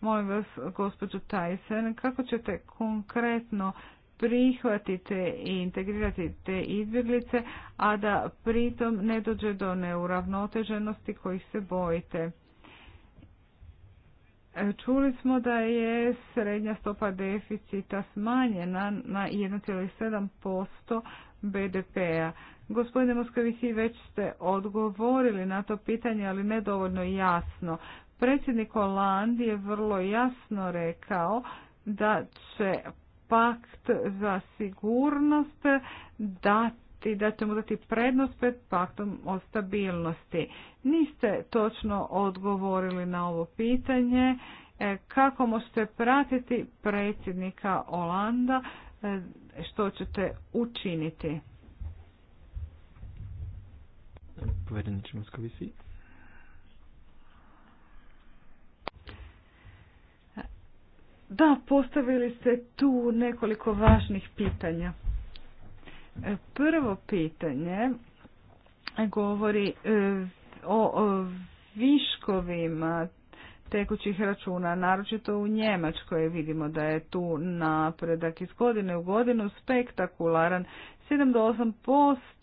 Molim vas, gospođo Tyson, kako ćete konkretno prihvatiti i integrirati te izbjeglice, a da pritom ne dođe do neuravnoteženosti kojih se bojite? Čuli smo da je srednja stopa deficita smanjena na 1,7% BDP-a. Gospodine Moskovici, već ste odgovorili na to pitanje, ali nedovoljno jasno. Predsjednik Holandi je vrlo jasno rekao da će pakt za sigurnost dati, da će dati prednost pred paktom o stabilnosti. Niste točno odgovorili na ovo pitanje. E, kako možete pratiti predsjednika Olanda? E, što ćete učiniti? Da, postavili ste tu nekoliko važnih pitanja. E, prvo pitanje govori e, o viškovima tekućih računa, naročito u Njemačkoj vidimo da je tu napredak iz godine u godinu spektakularan. 7 do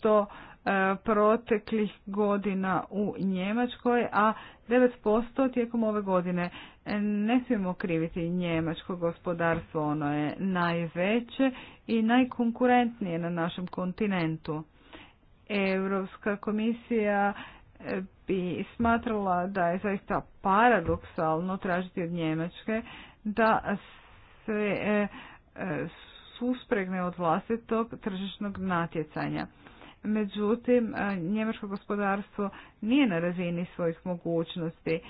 8% E, proteklih godina u Njemačkoj, a 9% tijekom ove godine. E, ne smijemo kriviti njemačko gospodarstvo, ono je najveće i najkonkurentnije na našem kontinentu. Europska komisija e, bi smatrala da je zaista paradoksalno tražiti od Njemačke da se suspregne od vlastitog tržišnog natjecanja. Međutim, e, njemačko gospodarstvo nije na razini svojih mogućnosti. E,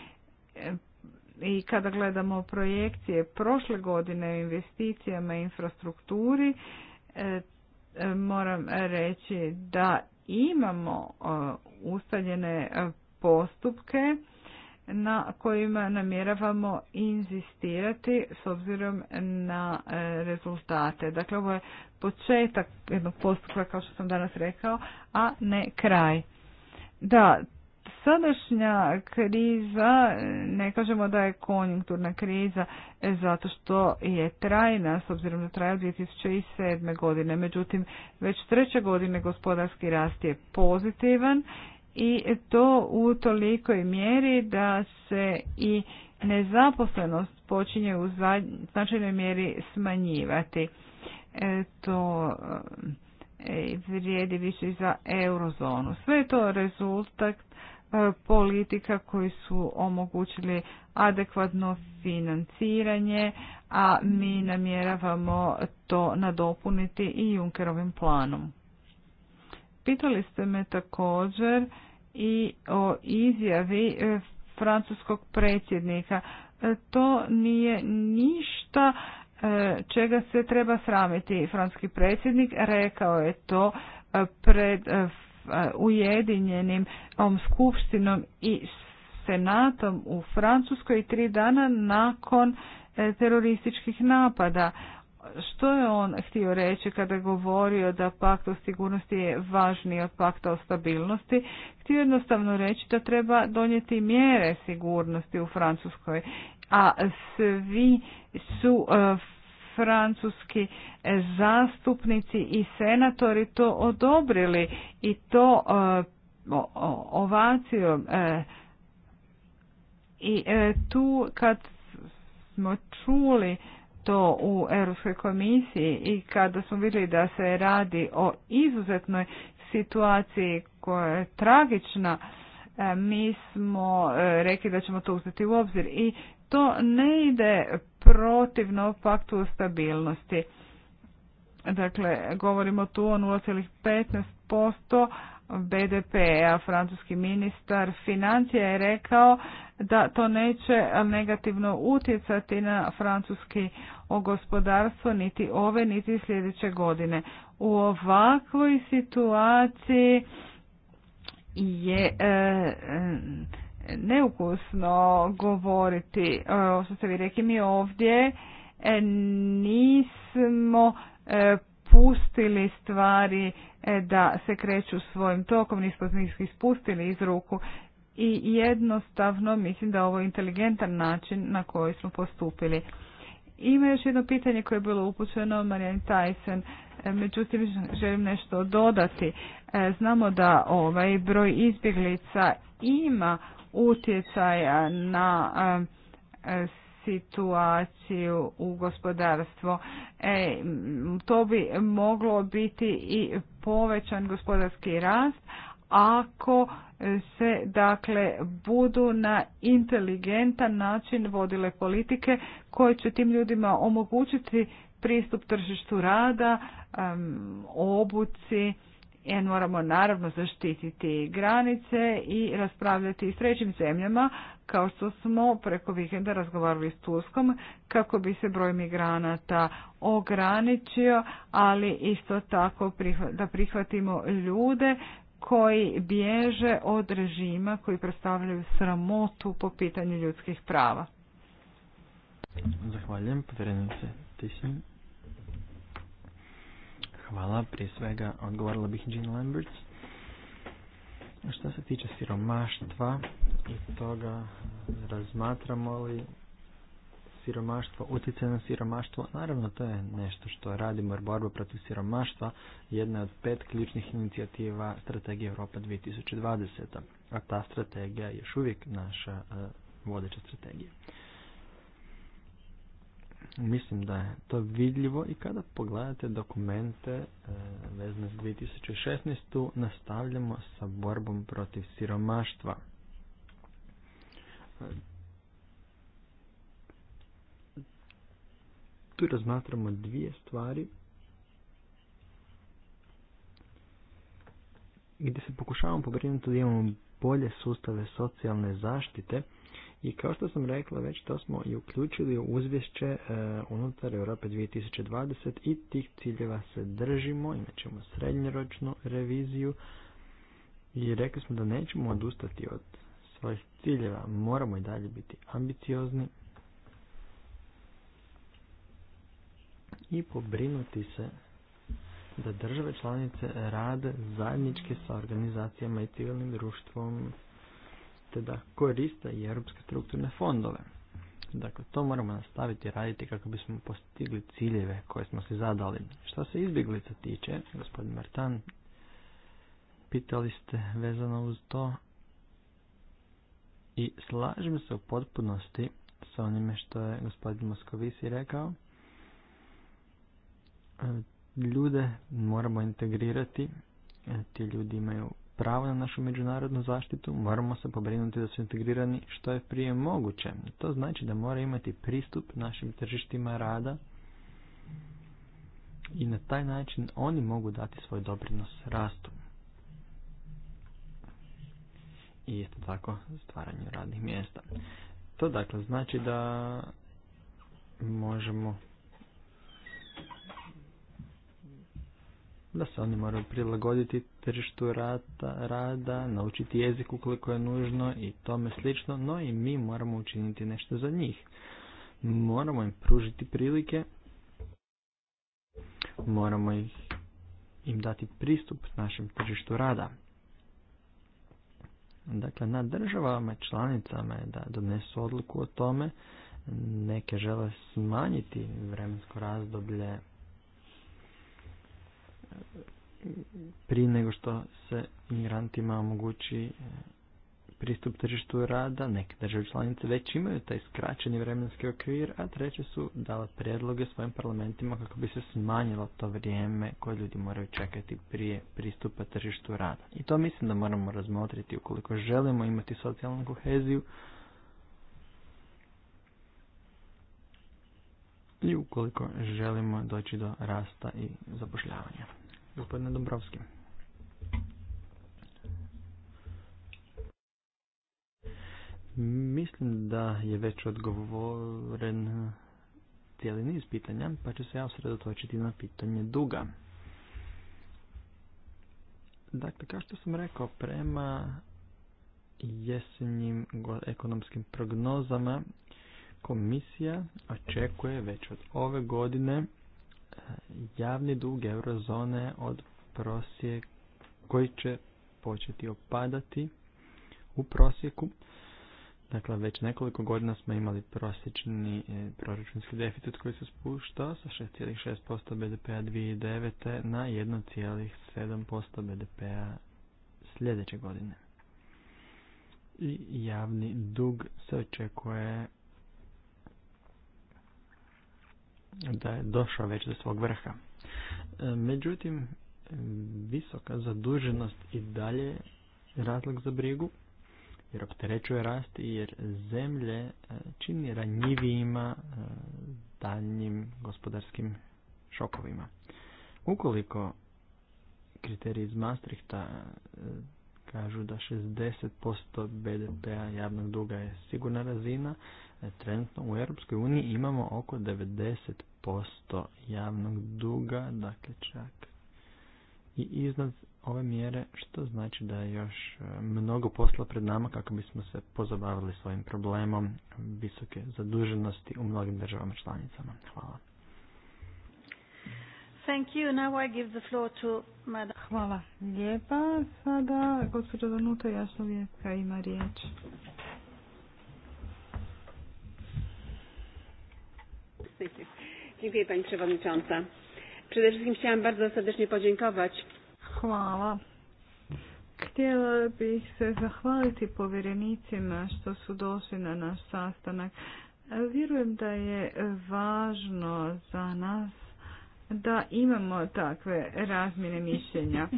I kada gledamo projekcije prošle godine u investicijama i infrastrukturi, e, moram reći da imamo ustaljene postupke na kojima namjeravamo inzistirati s obzirom na e, rezultate. Dakle, ovo je početak jednog postupka, kao što sam danas rekao, a ne kraj. Da, sadašnja kriza, ne kažemo da je konjunkturna kriza, e, zato što je trajna, s obzirom da traje od 2007. godine. Međutim, već treće godine gospodarski rast je pozitivan i to u tolikoj mjeri da se i nezaposlenost počinje u značajnoj mjeri smanjivati. E, to e, vrijedi više za eurozonu. Sve je to rezultat e, politika koji su omogućili adekvatno financiranje, a mi namjeravamo to nadopuniti i Junkerovim planom. Pitali ste me također i o izjavi e, francuskog predsjednika. E, to nije ništa e, čega se treba sramiti. Francuski predsjednik rekao je to pred Ujedinjenim skupštinom i senatom u Francuskoj tri dana nakon terorističkih napada što je on htio reći kada je govorio da pakt o sigurnosti je važniji od pakta o stabilnosti? Htio jednostavno reći da treba donijeti mjere sigurnosti u Francuskoj, a svi su e, francuski zastupnici i senatori to odobrili i to e, e I e, tu kad smo čuli to u Europskoj komisiji i kada smo vidjeli da se radi o izuzetnoj situaciji koja je tragična, e, mi smo e, rekli da ćemo to uzeti u obzir i to ne ide protivno paktu stabilnosti. Dakle, govorimo tu o 0,15% BDP-a. Francuski ministar financija je rekao da to neće negativno utjecati na francuski o gospodarstvo niti ove niti sljedeće godine. U ovakvoj situaciji je e, e, neukusno govoriti e, o što ste vi rekli mi ovdje nismo pustili stvari da se kreću svojim tokom, nismo ih ispustili iz ruku i jednostavno mislim da ovo je inteligentan način na koji smo postupili. Ima još jedno pitanje koje je bilo upućeno Marijan Tyson. E, međutim, želim nešto dodati. E, znamo da ovaj broj izbjeglica ima utjecaja na e, situaciju u gospodarstvo. E, to bi moglo biti i povećan gospodarski rast, ako se dakle budu na inteligentan način vodile politike koje će tim ljudima omogućiti pristup tržištu rada, obuci, jer moramo naravno zaštititi granice i raspravljati s trećim zemljama kao što smo preko vikenda razgovarali s Turskom kako bi se broj migranata ograničio, ali isto tako da prihvatimo ljude koji bježe od režima koji predstavljaju sramotu po pitanju ljudskih prava. Zahvaljujem, povjerenim se tisim. Hvala, prije svega odgovorila bih Jean Lamberts. Što se tiče siromaštva i toga razmatramo li siromaštva, utjecaj na siromaštvo, naravno to je nešto što radimo jer borba protiv siromaštva je jedna od pet ključnih inicijativa strategije Europa 2020. A ta strategija je još uvijek naša e, vodeća strategija. Mislim da je to vidljivo i kada pogledate dokumente e, vezane s 2016. nastavljamo sa borbom protiv siromaštva Tu razmatramo dvije stvari gdje se pokušavamo pobrinuti da imamo bolje sustave socijalne zaštite i kao što sam rekla već to smo i uključili u uzvješće e, unutar Europe 2020 i tih ciljeva se držimo, imat ćemo srednjoročnu reviziju i rekli smo da nećemo odustati od svojih ciljeva, moramo i dalje biti ambiciozni i pobrinuti se da države članice rade zajedničke sa organizacijama i civilnim društvom te da koriste i europske strukturne fondove. Dakle, to moramo nastaviti raditi kako bismo postigli ciljeve koje smo si zadali. Što se izbjeglica tiče, gospodin Martan, pitali ste vezano uz to i slažem se u potpunosti sa onime što je gospodin Moskovisi rekao. E, ljude moramo integrirati, e, ti ljudi imaju pravo na našu međunarodnu zaštitu, moramo se pobrinuti da su integrirani što je prije moguće. To znači da mora imati pristup našim tržištima rada i na taj način oni mogu dati svoj doprinos rastu. I isto tako stvaranje radnih mjesta. To dakle znači da možemo da se oni moraju prilagoditi tržištu rata, rada, naučiti jezik ukoliko je nužno i tome slično, no i mi moramo učiniti nešto za njih. Moramo im pružiti prilike, moramo im dati pristup našem tržištu rada. Dakle, na državama i članicama je da donesu odluku o tome, neke žele smanjiti vremensko razdoblje prije nego što se migrantima omogući e, pristup tržištu rada, neke države članice već imaju taj skraćeni vremenski okvir, a treće su dala prijedloge svojim parlamentima kako bi se smanjilo to vrijeme koje ljudi moraju čekati prije pristupa tržištu rada. I to mislim da moramo razmotriti ukoliko želimo imati socijalnu koheziju i ukoliko želimo doći do rasta i zapošljavanja gospodine Dombrovski. Mislim da je već odgovoren cijeli niz pitanja, pa ću se ja osredotočiti na pitanje duga. Dakle, kao što sam rekao, prema jesenjim ekonomskim prognozama komisija očekuje već od ove godine javni dug eurozone od prosjek koji će početi opadati u prosjeku. Dakle, već nekoliko godina smo imali prosječni e, proračunski deficit koji se spuštao sa 6,6% BDP-a 2009. na 1,7% BDP-a sljedeće godine. I javni dug se očekuje da je došao već do svog vrha. E, međutim, visoka zaduženost i dalje razlog za brigu, jer opterećuje rasti i jer zemlje e, čini ranjivijima e, daljnjim gospodarskim šokovima. Ukoliko kriteriji iz Maastrichta kažu da 60% BDP-a javnog duga je sigurna razina, E, trenutno u Europskoj uniji imamo oko 90% javnog duga, dakle čak i iznad ove mjere, što znači da je još e, mnogo posla pred nama kako bismo se pozabavili svojim problemom visoke zaduženosti u mnogim državama članicama. Hvala. Thank you. Now I give the floor to Hvala lijepa. Sada ima riječ. Dziękuję Pani Przewodnicząca. Przede wszystkim chciałam bardzo serdecznie podziękować. Chwała. Htjela bih se zahvaliti povjerenicima što su došli na naš sastanak. Vjerujem da je važno za nas da imamo takve razmjene mišljenja.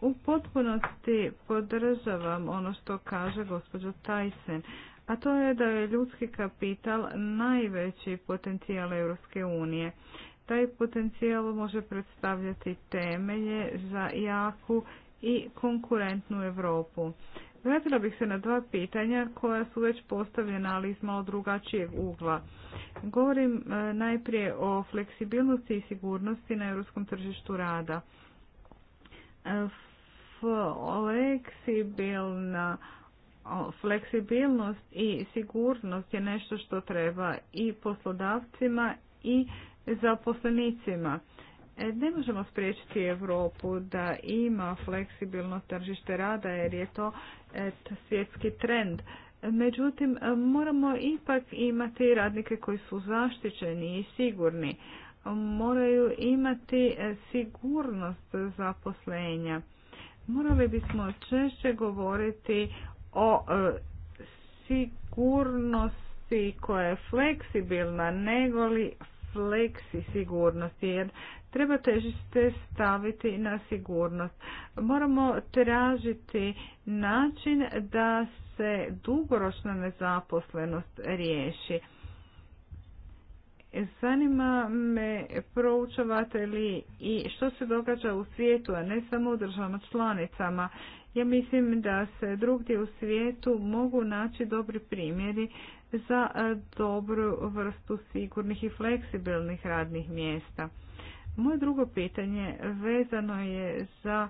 U potpunosti podržavam ono što kaže gospođa Tyson, a to je da je ljudski kapital najveći potencijal Europske unije. Taj potencijal može predstavljati temelje za jaku i konkurentnu Europu. Vratila bih se na dva pitanja koja su već postavljena, ali iz malo drugačijeg ugla. Govorim e, najprije o fleksibilnosti i sigurnosti na europskom tržištu rada. E, fleksibilna Fleksibilnost i sigurnost je nešto što treba i poslodavcima i zaposlenicima. E, ne možemo spriječiti Europu da ima fleksibilno tržište rada jer je to e, svjetski trend. Međutim, moramo ipak imati radnike koji su zaštićeni i sigurni. Moraju imati e, sigurnost zaposlenja. Morali bismo češće govoriti o e, sigurnosti koja je fleksibilna nego li fleksi sigurnosti jer treba težište staviti na sigurnost. Moramo tražiti način da se dugoročna nezaposlenost riješi. Zanima me proučavate li i što se događa u svijetu, a ne samo u državama članicama. Ja mislim da se drugdje u svijetu mogu naći dobri primjeri za e, dobru vrstu sigurnih i fleksibilnih radnih mjesta. Moje drugo pitanje vezano je za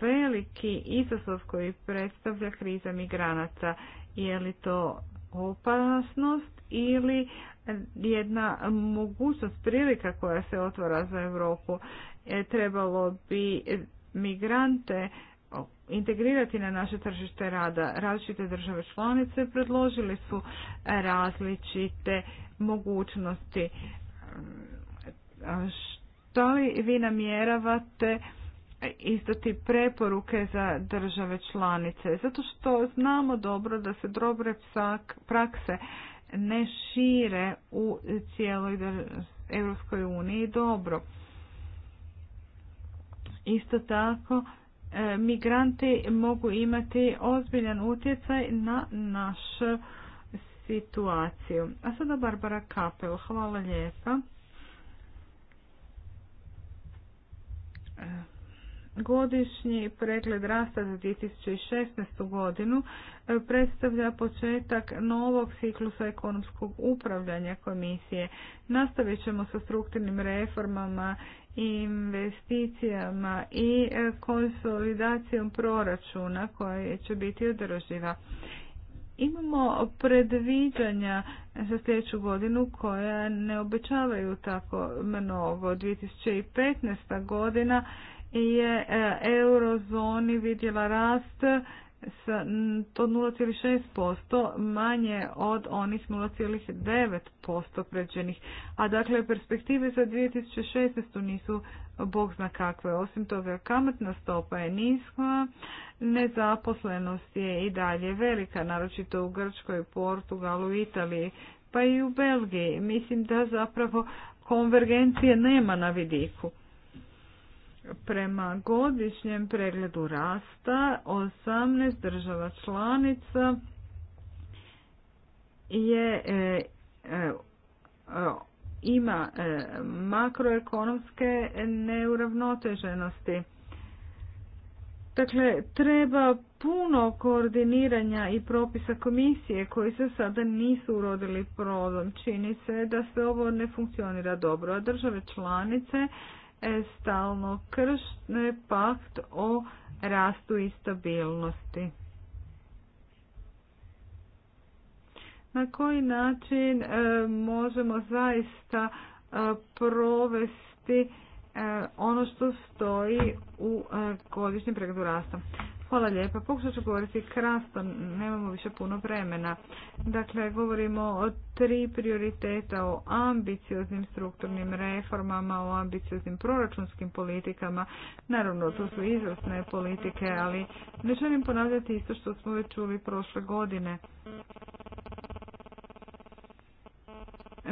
veliki izazov koji predstavlja kriza migranata. Je li to opasnost ili jedna mogućnost prilika koja se otvara za Europu? E, trebalo bi migrante integrirati na naše tržište rada. Različite države članice predložili su različite mogućnosti. Ehm, što li vi namjeravate izdati preporuke za države članice? Zato što znamo dobro da se dobre prakse ne šire u cijeloj Europskoj uniji dobro. Isto tako, E, migranti mogu imati ozbiljan utjecaj na našu situaciju. A sada Barbara Kapel, hvala lijepa. E, godišnji pregled rasta za 2016. godinu e, predstavlja početak novog ciklusa ekonomskog upravljanja komisije. Nastavit ćemo sa strukturnim reformama investicijama i e, konsolidacijom proračuna koja će biti održiva. Imamo predviđanja za sljedeću godinu koja ne obećavaju tako mnogo. 2015. godina je e, eurozoni vidjela rast to 0,6% manje od onih 0,9% pređenih. A dakle, perspektive za 2016. nisu bog zna kakve. Osim toga, kamatna stopa je niska, nezaposlenost je i dalje velika, naročito u Grčkoj, Portugalu, Italiji, pa i u Belgiji. Mislim da zapravo konvergencije nema na vidiku. Prema godišnjem pregledu rasta 18 država članica je e, e, e, ima makroekonomske neuravnoteženosti. Dakle, treba puno koordiniranja i propisa komisije koji se sada nisu urodili prodom. Čini se da se ovo ne funkcionira dobro, a države članice stalno kršne pakt o rastu i stabilnosti. Na koji način e, možemo zaista e, provesti e, ono što stoji u godišnjem pregledu rasta. Hvala lijepa. Pokušat ću govoriti krasno, nemamo više puno vremena. Dakle, govorimo o tri prioriteta, o ambicioznim strukturnim reformama, o ambicioznim proračunskim politikama. Naravno, to su izvrsne politike, ali ne želim ponavljati isto što smo već čuli prošle godine.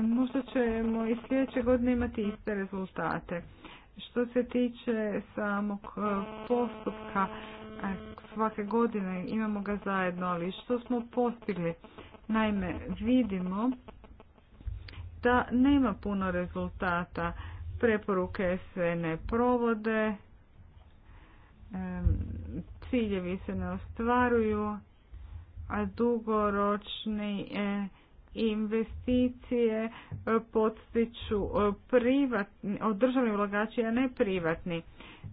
Možda ćemo i sljedeće godine imati iste rezultate. Što se tiče samog eh, postupka, svake godine imamo ga zajedno, ali što smo postigli? Naime, vidimo da nema puno rezultata. Preporuke se ne provode, ciljevi se ne ostvaruju, a dugoročni e, investicije e, podstiču e, privatni, državni ulagači, a ne privatni.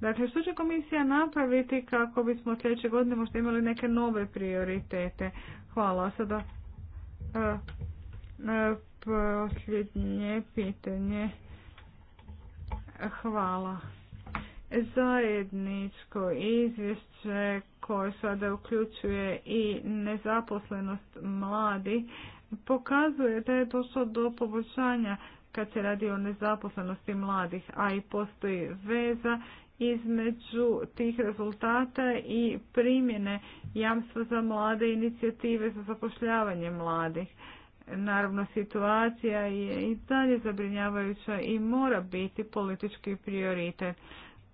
Dakle, što će komisija napraviti kako bismo sljedeće godine možda imali neke nove prioritete? Hvala. Sada e, posljednje pitanje. Hvala. Zajedničko izvješće koje sada uključuje i nezaposlenost mladi pokazuje da je došlo do poboljšanja kad se radi o nezaposlenosti mladih, a i postoji veza između tih rezultata i primjene jamstva za mlade inicijative za zapošljavanje mladih. Naravno, situacija je i dalje zabrinjavajuća i mora biti politički prioritet.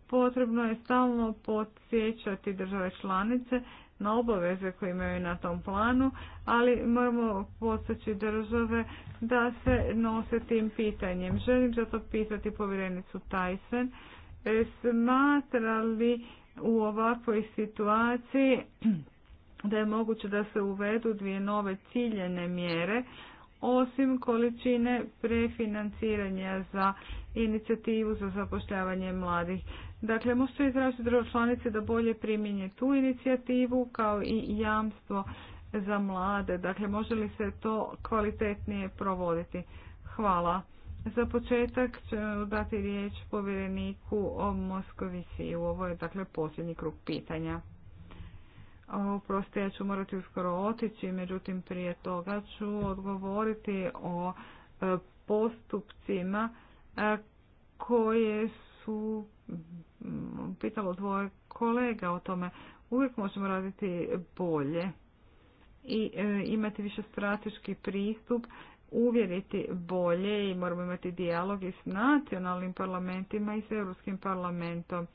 Potrebno je stalno podsjećati države članice na obaveze koje imaju na tom planu, ali moramo postaći države da se nose tim pitanjem. Želim zato pitati povjerenicu Tyson, e, smatra li u ovakvoj situaciji da je moguće da se uvedu dvije nove ciljene mjere, osim količine prefinanciranja za inicijativu za zapošljavanje mladih. Dakle, možete izraziti država članice da bolje primjenje tu inicijativu kao i jamstvo za mlade. Dakle, može li se to kvalitetnije provoditi? Hvala. Za početak ću dati riječ povjereniku o Moskovici. Ovo je dakle posljednji krug pitanja. Oprosti, ja ću morati uskoro otići, međutim prije toga ću odgovoriti o e, postupcima e, koje su mm, pitalo dvoje kolega o tome. Uvijek možemo raditi bolje i e, imati više strateški pristup, uvjeriti bolje i moramo imati dijalog i s nacionalnim parlamentima i s Europskim parlamentom.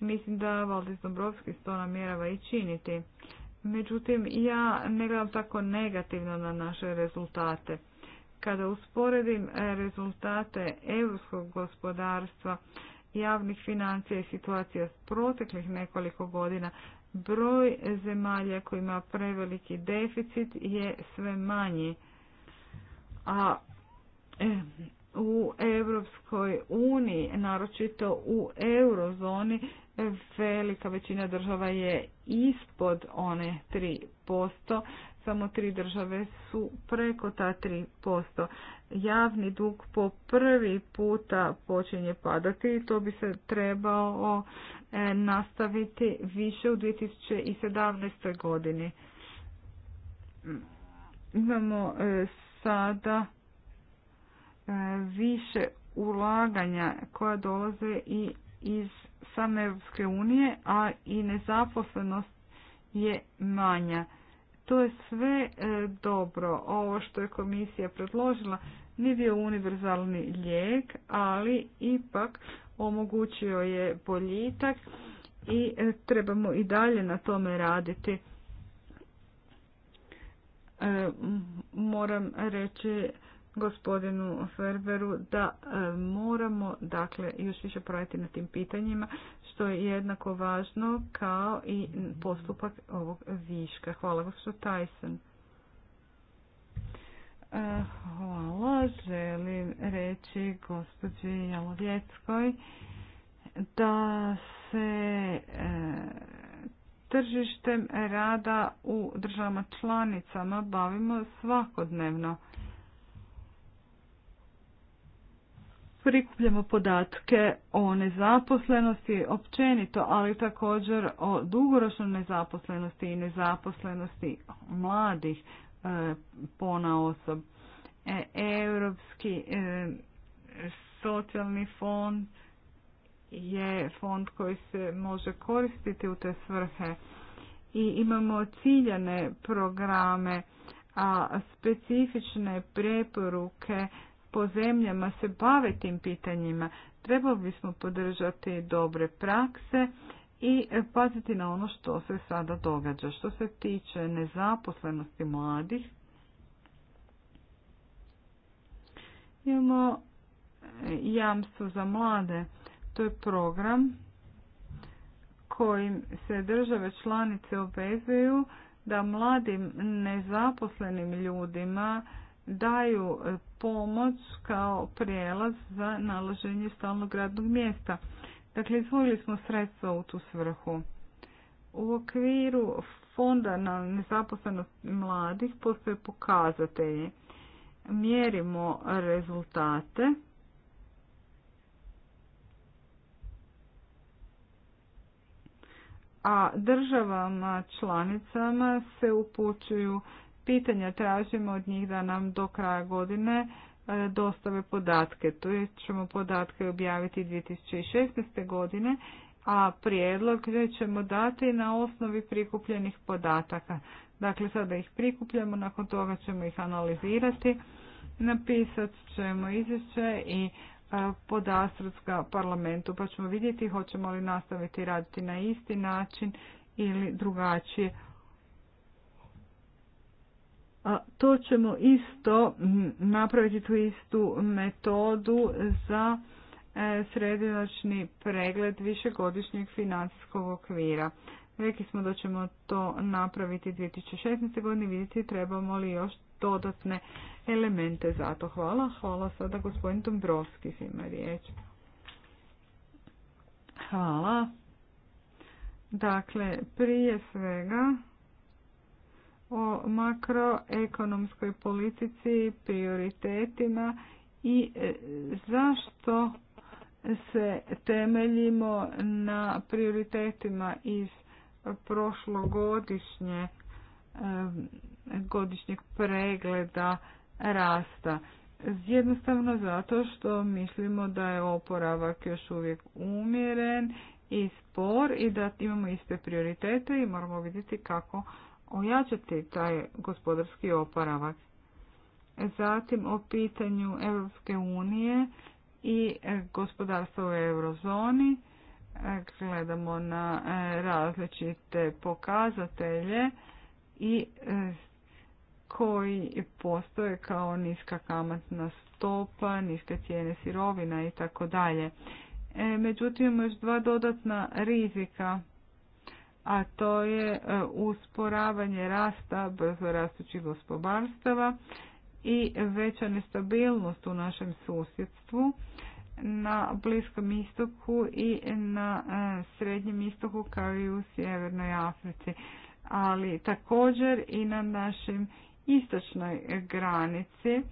Mislim da Valdis Dombrovski to namjerava i činiti. Međutim, ja ne gledam tako negativno na naše rezultate. Kada usporedim rezultate europskog gospodarstva javnih financija i situacija s proteklih nekoliko godina, broj zemalja koji ima preveliki deficit je sve manji. A e, u Europskoj uniji, naročito u eurozoni, velika većina država je ispod one 3%, samo tri države su preko ta 3%. Javni dug po prvi puta počinje padati i to bi se trebao e, nastaviti više u 2017. godini. Imamo e, sada e, više ulaganja koja dolaze i iz same Europske unije, a i nezaposlenost je manja. To je sve e, dobro. Ovo što je komisija predložila nije bio univerzalni lijek, ali ipak omogućio je boljitak i e, trebamo i dalje na tome raditi. E, moram reći gospodinu Ferberu da moramo dakle još više poraditi na tim pitanjima što je jednako važno kao i postupak ovog viška. Hvala gospođo Tyson. E, hvala. Želim reći gospođi Jalovjeckoj da se e, tržištem rada u državama članicama bavimo svakodnevno. prikupljamo podatke o nezaposlenosti općenito, ali također o dugoročnoj nezaposlenosti i nezaposlenosti mladih e, pona osob. E, Europski e, socijalni fond je fond koji se može koristiti u te svrhe i imamo ciljane programe, a specifične preporuke po zemljama se bave tim pitanjima. Trebali bismo podržati dobre prakse i paziti na ono što se sada događa. Što se tiče nezaposlenosti mladih, imamo e, jamstvo za mlade. To je program kojim se države članice obvezuju da mladim nezaposlenim ljudima daju e, pomoć kao prijelaz za nalaženje stalnog radnog mjesta. Dakle, izvojili smo sredstva u tu svrhu. U okviru fonda na nezaposlenost mladih postoje pokazatelji. Mjerimo rezultate. A državama članicama se upućuju pitanja tražimo od njih da nam do kraja godine e, dostave podatke. Tu ćemo podatke objaviti 2016. godine, a prijedlog ćemo dati na osnovi prikupljenih podataka. Dakle, sada ih prikupljamo, nakon toga ćemo ih analizirati, napisat ćemo izvješće i e, podastrat ga parlamentu, pa ćemo vidjeti hoćemo li nastaviti raditi na isti način ili drugačije a to ćemo isto napraviti tu istu metodu za e, sredinačni pregled višegodišnjeg financijskog okvira. Rekli smo da ćemo to napraviti 2016. godine, vidjeti trebamo li još dodatne elemente za to. Hvala. Hvala sada gospodin Dombrovski ima riječ. Hvala. Dakle, prije svega o makroekonomskoj politici, prioritetima i e, zašto se temeljimo na prioritetima iz prošlogodišnje e, godišnjeg pregleda rasta. Jednostavno zato što mislimo da je oporavak još uvijek umjeren i spor i da imamo iste prioritete i moramo vidjeti kako ojačati taj gospodarski oporavak. Zatim o pitanju Europske unije i gospodarstva u eurozoni gledamo na e, različite pokazatelje i e, koji postoje kao niska kamatna stopa, niske cijene sirovina i tako dalje. E, međutim, još dva dodatna rizika a to je e, usporavanje rasta brzo rastućih gospodarstava i veća nestabilnost u našem susjedstvu na Bliskom istoku i na e, Srednjem istoku kao i u Sjevernoj Africi, ali također i na našim istočnoj granici,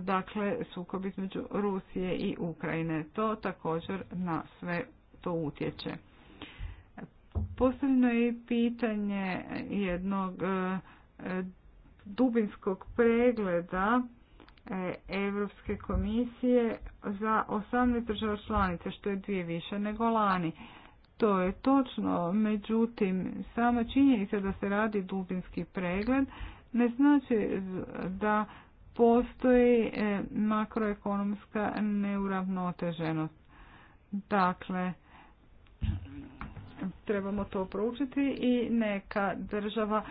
dakle sukob između Rusije i Ukrajine. To također na sve to utječe. Postavljeno je i pitanje jednog e, e, dubinskog pregleda Europske komisije za 18 država članica, što je dvije više nego lani. To je točno, međutim, sama činjenica da se radi dubinski pregled ne znači da postoji e, makroekonomska neuravnoteženost. Dakle, trebamo to proučiti i neka država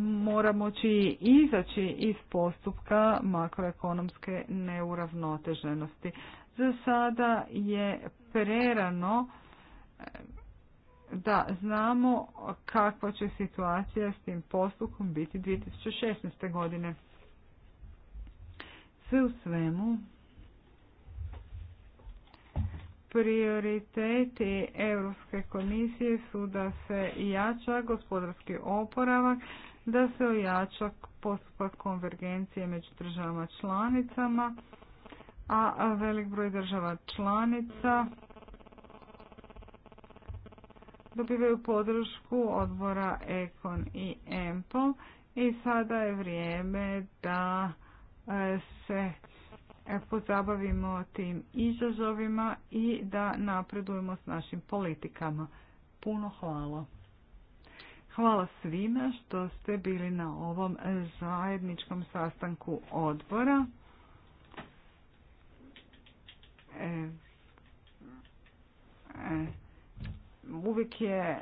mora moći izaći iz postupka makroekonomske neuravnoteženosti. Za sada je prerano da znamo kakva će situacija s tim postupkom biti 2016. godine. Sve u svemu, Prioriteti Europske komisije su da se jača gospodarski oporavak, da se ojača postupak konvergencije među državama članicama, a velik broj država članica dobivaju podršku odbora ECON i EMPO i sada je vrijeme da e, se E, pozabavimo tim izazovima i da napredujemo s našim politikama. Puno hvala. Hvala svima što ste bili na ovom zajedničkom sastanku odbora. E, e, uvijek je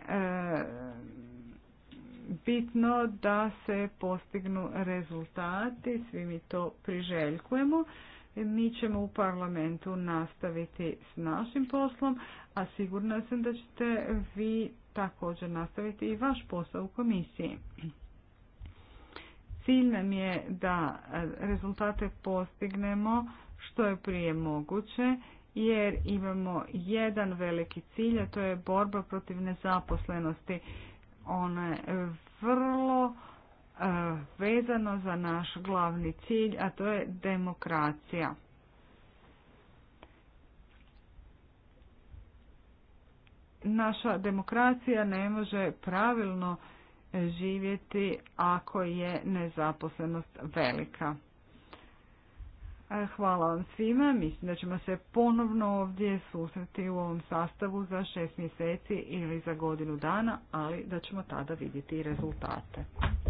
bitno da se postignu rezultati, svi mi to priželjkujemo mi ćemo u parlamentu nastaviti s našim poslom, a sigurna sam da ćete vi također nastaviti i vaš posao u komisiji. Cilj nam je da rezultate postignemo što je prije moguće, jer imamo jedan veliki cilj, a to je borba protiv nezaposlenosti. Ona je vrlo vezano za naš glavni cilj, a to je demokracija. Naša demokracija ne može pravilno živjeti ako je nezaposlenost velika. Hvala vam svima. Mislim da ćemo se ponovno ovdje susreti u ovom sastavu za šest mjeseci ili za godinu dana, ali da ćemo tada vidjeti rezultate.